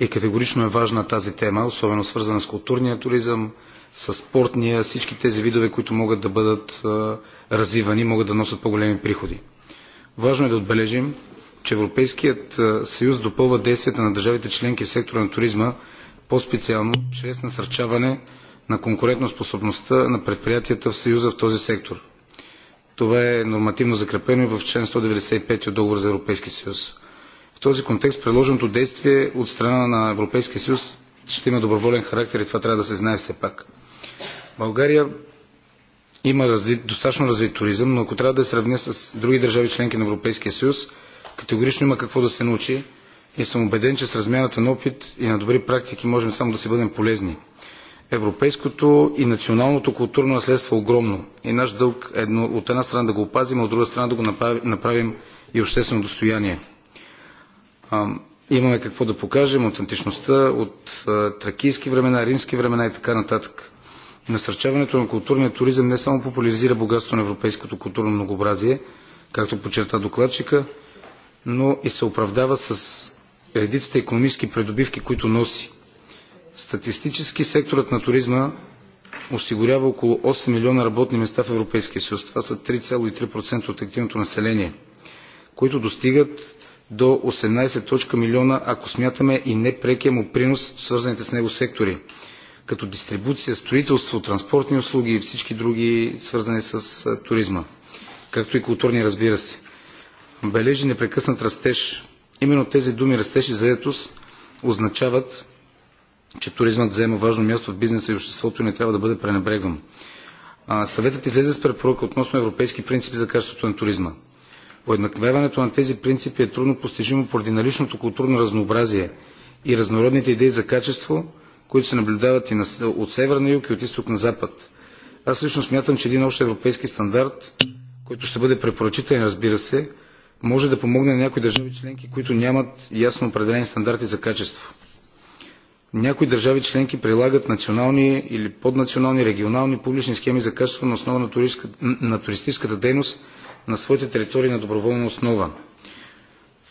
S3: и е категорично е важна тази тема, особено свързана с културния туризъм, с спортния, всички тези видове, които могат да бъдат развивани, могат да носят по-големи приходи. Важно е да отбележим, че Европейският съюз допълва действията на държавите членки в сектора на туризма по-специално чрез насърчаване на конкурентоспособността на предприятията в Съюза в този сектор. Това е нормативно закрепено и в член 195 от Договор за Европейски съюз. В този контекст предложеното действие от страна на Европейския съюз ще има доброволен характер и това трябва да се знае все пак. България има развит, достатъчно развит туризъм, но ако трябва да я сравня с други държави членки на Европейския съюз, категорично има какво да се научи и съм убеден, че с размяната на опит и на добри практики можем само да си бъдем полезни. Европейското и националното културно наследство е огромно и наш дълг е от една страна да го опазим, а от друга страна да го направим и обществено достояние имаме какво да покажем, аутентичността от тракийски времена, римски времена и така нататък. Насърчаването на културния туризъм не само популяризира богатството на европейското културно многообразие, както подчерта докладчика, но и се оправдава с редиците економически придобивки, които носи. Статистически секторът на туризма осигурява около 8 милиона работни места в Европейския съюз. Това са 3,3% от активното население, които достигат до 18 милиона, ако смятаме и непрекия му принос в свързаните с него сектори, като дистрибуция, строителство, транспортни услуги и всички други свързани с туризма, както и културни, разбира се. Бележи непрекъснат растеж. Именно тези думи растеж и заетост означават, че туризмът взема важно място в бизнеса и обществото и не трябва да бъде пренебрегван. Съветът излезе с препоръка относно европейски принципи за качеството на туризма. Уеднаквяването на тези принципи е трудно постижимо поради наличното културно разнообразие и разнородните идеи за качество, които се наблюдават и от север на юг и от изток на запад. Аз лично смятам, че един общ европейски стандарт, който ще бъде препоръчителен, разбира се, може да помогне на някои държави членки, които нямат ясно определени стандарти за качество. Някои държави членки прилагат национални или поднационални регионални публични схеми за качество на основа на, туристическата дейност на своите територии на доброволна основа.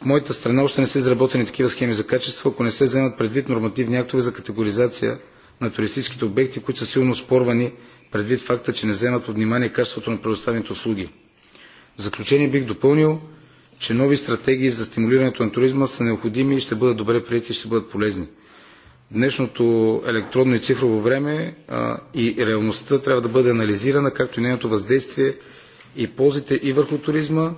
S3: В моята страна още не са изработени такива схеми за качество, ако не се вземат предвид нормативни актове за категоризация на туристическите обекти, които са силно спорвани предвид факта, че не вземат под внимание качеството на предоставените услуги. В заключение бих допълнил, че нови стратегии за стимулирането на туризма са необходими и ще бъдат добре прияти и ще бъдат полезни. Днешното електронно и цифрово време а, и реалността трябва да бъде анализирана, както и нейното въздействие и ползите и върху туризма,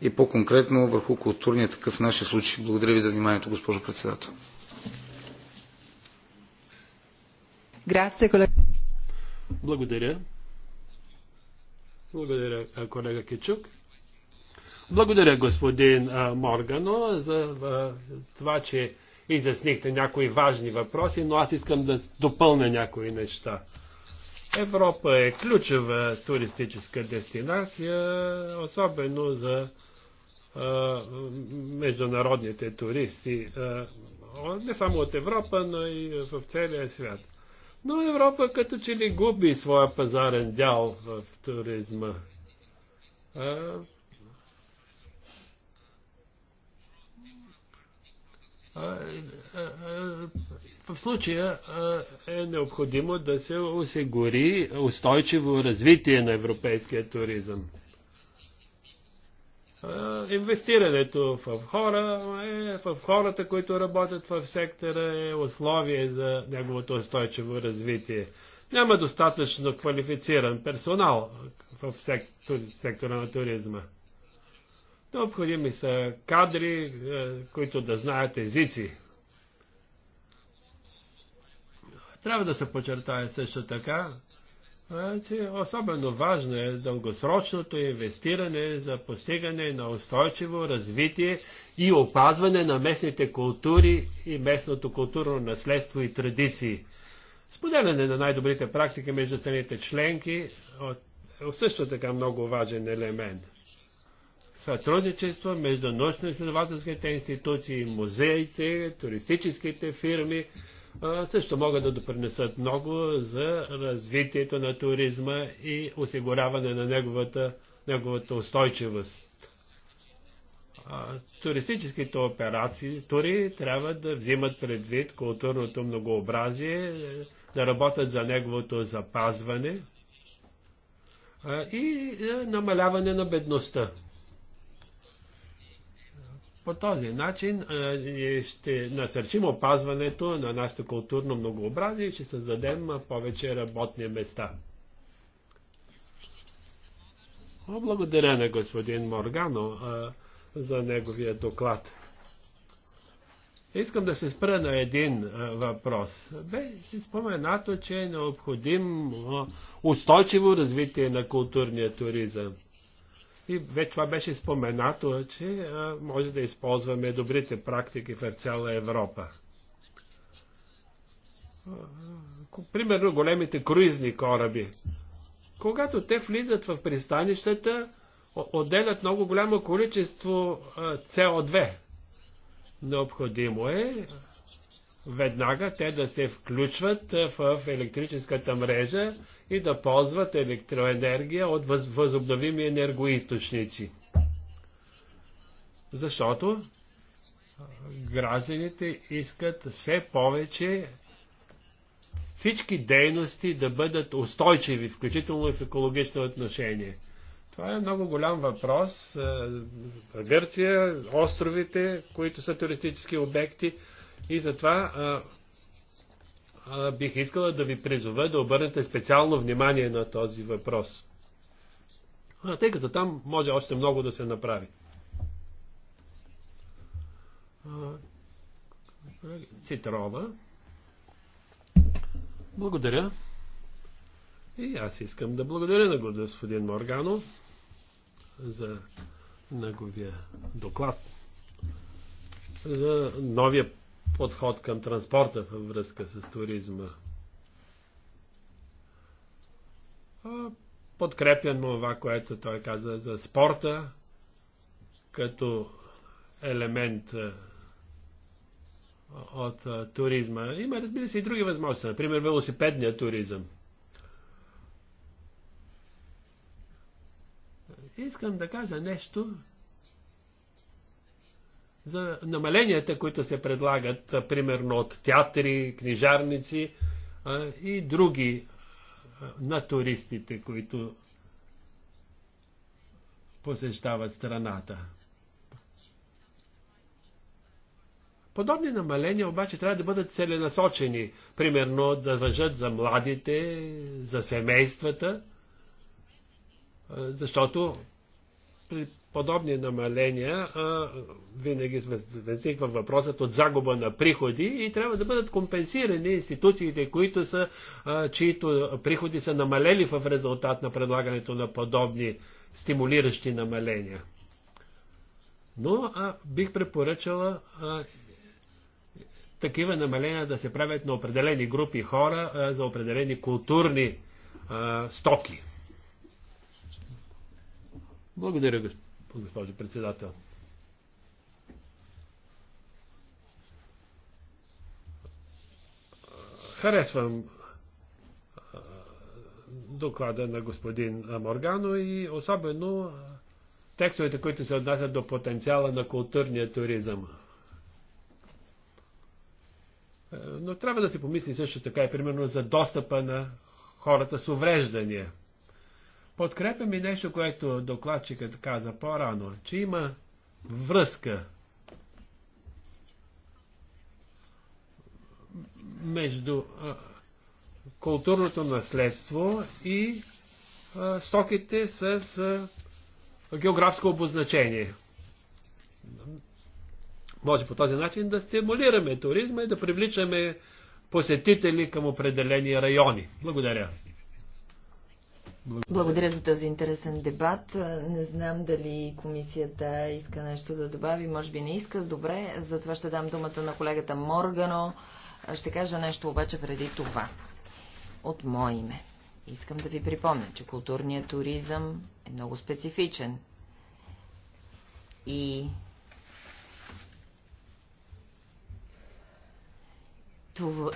S3: и по-конкретно върху културния такъв нашия е случай. Благодаря ви за вниманието, госпожо председател.
S4: Благодаря. Благодаря, колега Кичук. Благодаря, господин а, Моргано, за а, това, че изяснихте някои важни въпроси, но аз искам да допълня някои неща. Европа е ключова туристическа дестинация, особено за а, международните туристи, а, не само от Европа, но и в целия свят. Но Европа като че ли губи своя пазарен дял в туризма. А, а, а, в случая е необходимо да се осигури устойчиво развитие на европейския туризъм. Инвестирането в хора, е, в хората, които работят в сектора, е условие за неговото устойчиво развитие. Няма достатъчно квалифициран персонал в сектора на туризма. Необходими са кадри, които да знаят езици, Трябва да се почертае също така, че особено важно е дългосрочното инвестиране за постигане на устойчиво развитие и опазване на местните култури и местното културно наследство и традиции. Споделяне на най-добрите практики между страните членки е също така много важен елемент. Сътрудничество между научно-изследователските институции, музеите, туристическите фирми, също могат да допринесат много за развитието на туризма и осигуряване на неговата, неговата устойчивост. Туристическите операции, тури трябва да взимат предвид културното многообразие, да работят за неговото запазване и намаляване на бедността. По този начин ще насърчим опазването на нашето културно многообразие и ще създадем повече работни места. Благодаря на господин Моргано а, за неговия доклад. Искам да се спра на един а, въпрос. Бе споменато, че е необходимо устойчиво развитие на културния туризъм. И вече това беше споменато, че може да използваме добрите практики в цяла Европа. Примерно големите круизни кораби. Когато те влизат в пристанищата, отделят много голямо количество CO2. Необходимо е веднага те да се включват в електрическата мрежа и да ползват електроенергия от възобновими енергоисточници. Защото гражданите искат все повече всички дейности да бъдат устойчиви, включително и в екологично отношение. Това е много голям въпрос Гърция, островите, които са туристически обекти, и затова а, а, бих искала да ви призова да обърнете специално внимание на този въпрос. А, тъй като там може още много да се направи. Цитрова. Благодаря. И аз искам да благодаря на господин Моргано за неговия доклад за новия подход към транспорта във връзка с туризма. Подкрепям това, което той каза за спорта като елемент от туризма. Има, разбира се, и други възможности, например велосипедният туризъм. Искам да кажа нещо, за намаленията, които се предлагат, примерно от театри, книжарници а, и други а, на туристите, които посещават страната. Подобни намаления обаче трябва да бъдат целенасочени, примерно да въжат за младите, за семействата, защото при подобни намаления а, винаги възниква въпросът от загуба на приходи и трябва да бъдат компенсирани институциите, които са, а, чието приходи са намалели в резултат на предлагането на подобни стимулиращи намаления. Но а, бих препоръчала а, такива намаления да се правят на определени групи хора а, за определени културни а, стоки. Благодаря, госпожо председател. Харесвам доклада на господин Моргано и особено текстовете, които се отнасят до потенциала на културния туризъм. Е, но трябва да се помисли също така и примерно за достъпа на хората с увреждания. Подкрепям и нещо, което докладчикът каза по-рано, че има връзка между а, културното наследство и а, стоките с а, географско обозначение. Може по този начин да стимулираме туризма и да привличаме посетители към определени райони. Благодаря.
S3: Благодаря.
S1: Благодаря за този интересен дебат. Не знам дали комисията иска нещо да добави. Може би не иска. Добре, затова ще дам думата на колегата Моргано. Ще кажа нещо обаче преди това. От мое име. Искам да ви припомня, че културният туризъм е много специфичен. И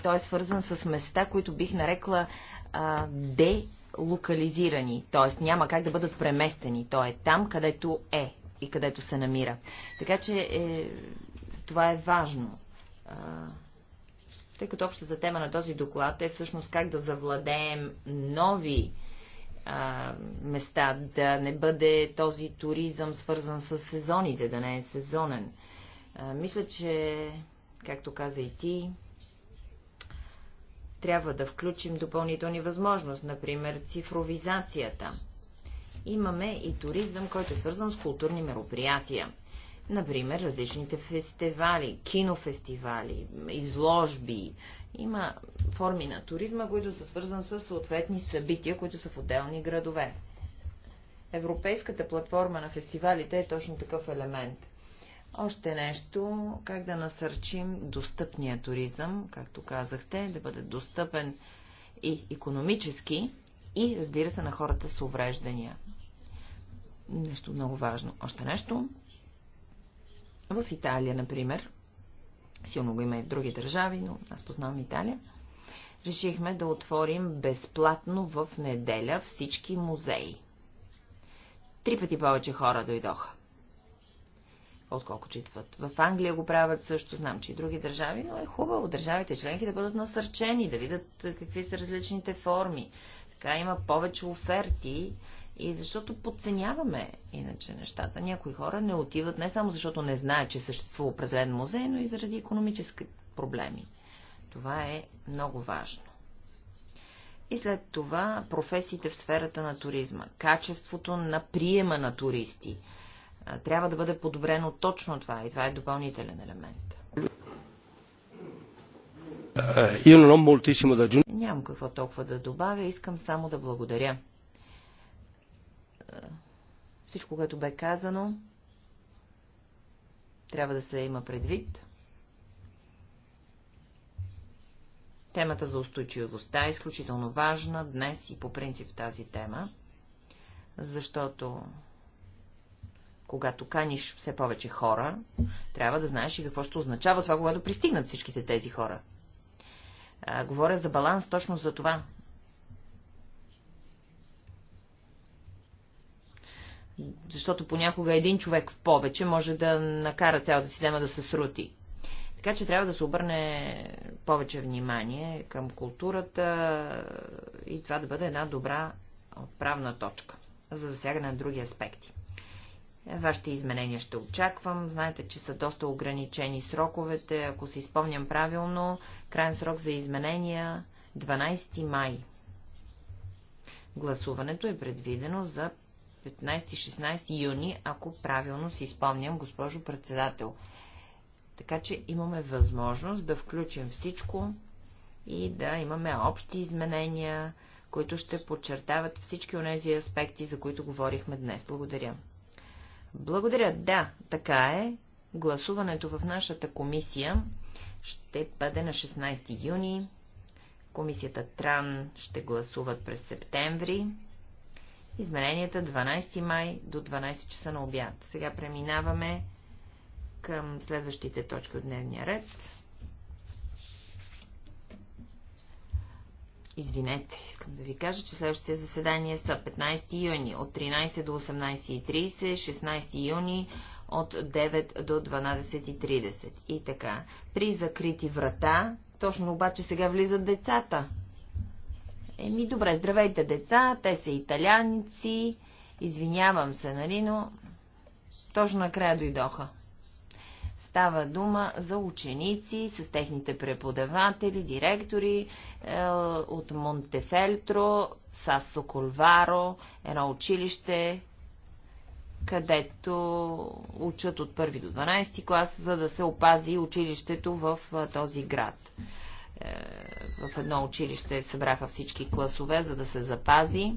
S1: той е свързан с места, които бих нарекла а, де локализирани, т.е. няма как да бъдат преместени. Той е там, където е и където се намира. Така че е, това е важно. А, тъй като общата тема на този доклад е всъщност как да завладеем нови а, места, да не бъде този туризъм свързан с сезоните, да не е сезонен. А, мисля, че, както каза и ти, трябва да включим допълнителни възможности, например цифровизацията. Имаме и туризъм, който е свързан с културни мероприятия. Например, различните фестивали, кинофестивали, изложби. Има форми на туризма, които са свързани с съответни събития, които са в отделни градове. Европейската платформа на фестивалите е точно такъв елемент – още нещо, как да насърчим достъпния туризъм, както казахте, да бъде достъпен и економически, и разбира се на хората с увреждания. Нещо много важно. Още нещо. В Италия, например, силно го има и в други държави, но аз познавам Италия, решихме да отворим безплатно в неделя всички музеи. Три пъти повече хора дойдоха отколкото идват. В Англия го правят също, знам, че и други държави, но е хубаво държавите членки да бъдат насърчени, да видят е, какви са различните форми. Така има повече оферти и защото подценяваме иначе нещата. Някои хора не отиват не само защото не знаят, че съществува определен музей, но и заради економически проблеми. Това е много важно. И след това професиите в сферата на туризма, качеството на приема на туристи. Трябва да бъде подобрено точно това и това е допълнителен елемент.
S3: Е,
S1: Нямам какво толкова да добавя, искам само да благодаря. Е, всичко, което бе казано, трябва да се има предвид. Темата за устойчивостта е изключително важна днес и по принцип тази тема, защото когато каниш все повече хора, трябва да знаеш и какво ще означава това, когато пристигнат всичките тези хора. А, говоря за баланс точно за това. Защото понякога един човек в повече може да накара цялата система да се срути. Така че трябва да се обърне повече внимание към културата и това да бъде една добра отправна точка за засягане на други аспекти. Вашите изменения ще очаквам. Знаете, че са доста ограничени сроковете. Ако се изпомням правилно, крайен срок за изменения 12 май. Гласуването е предвидено за 15-16 юни, ако правилно си изпомням, госпожо председател. Така че имаме възможност да включим всичко и да имаме общи изменения, които ще подчертават всички онези аспекти, за които говорихме днес. Благодаря. Благодаря. Да, така е. Гласуването в нашата комисия ще бъде на 16 юни. Комисията Тран ще гласуват през септември. Измененията 12 май до 12 часа на обяд. Сега преминаваме към следващите точки от дневния ред. Извинете, искам да ви кажа, че следващите заседания са 15 юни от 13 до 18.30, 16 юни от 9 до 12.30. И така, при закрити врата, точно обаче сега влизат децата. Еми, добре, здравейте деца, те са италяници, извинявам се, нали, но точно накрая дойдоха. Става дума за ученици с техните преподаватели, директори е, от Монтефелтро, Сасо Колваро, едно училище, където учат от 1 до 12 клас, за да се опази училището в е, този град. Е, в едно училище събраха всички класове, за да се запази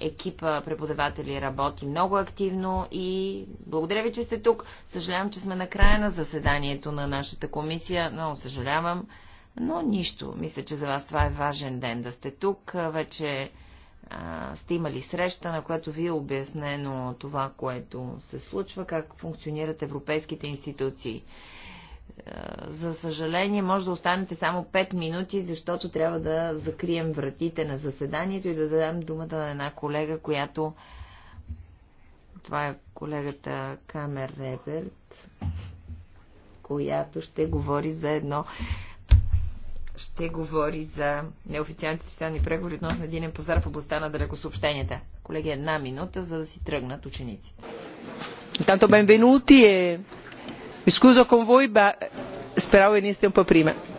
S1: Екипа преподаватели работи много активно и благодаря ви, че сте тук. Съжалявам, че сме на края на заседанието на нашата комисия. Много съжалявам, но нищо. Мисля, че за вас това е важен ден да сте тук. Вече а, сте имали среща, на която ви е обяснено това, което се случва, как функционират европейските институции. За съжаление, може да останете само 5 минути, защото трябва да закрием вратите на заседанието и да дадем думата на една колега, която... Това е колегата Камер Реберт, която ще говори за едно ще говори за неофициалните социални преговори относно един пазар в областта на далекосъобщенията. Колеги, една минута, за да си тръгнат учениците. Tanto benvenuti e mi scuso con voi ma speravo veniste un po' prima.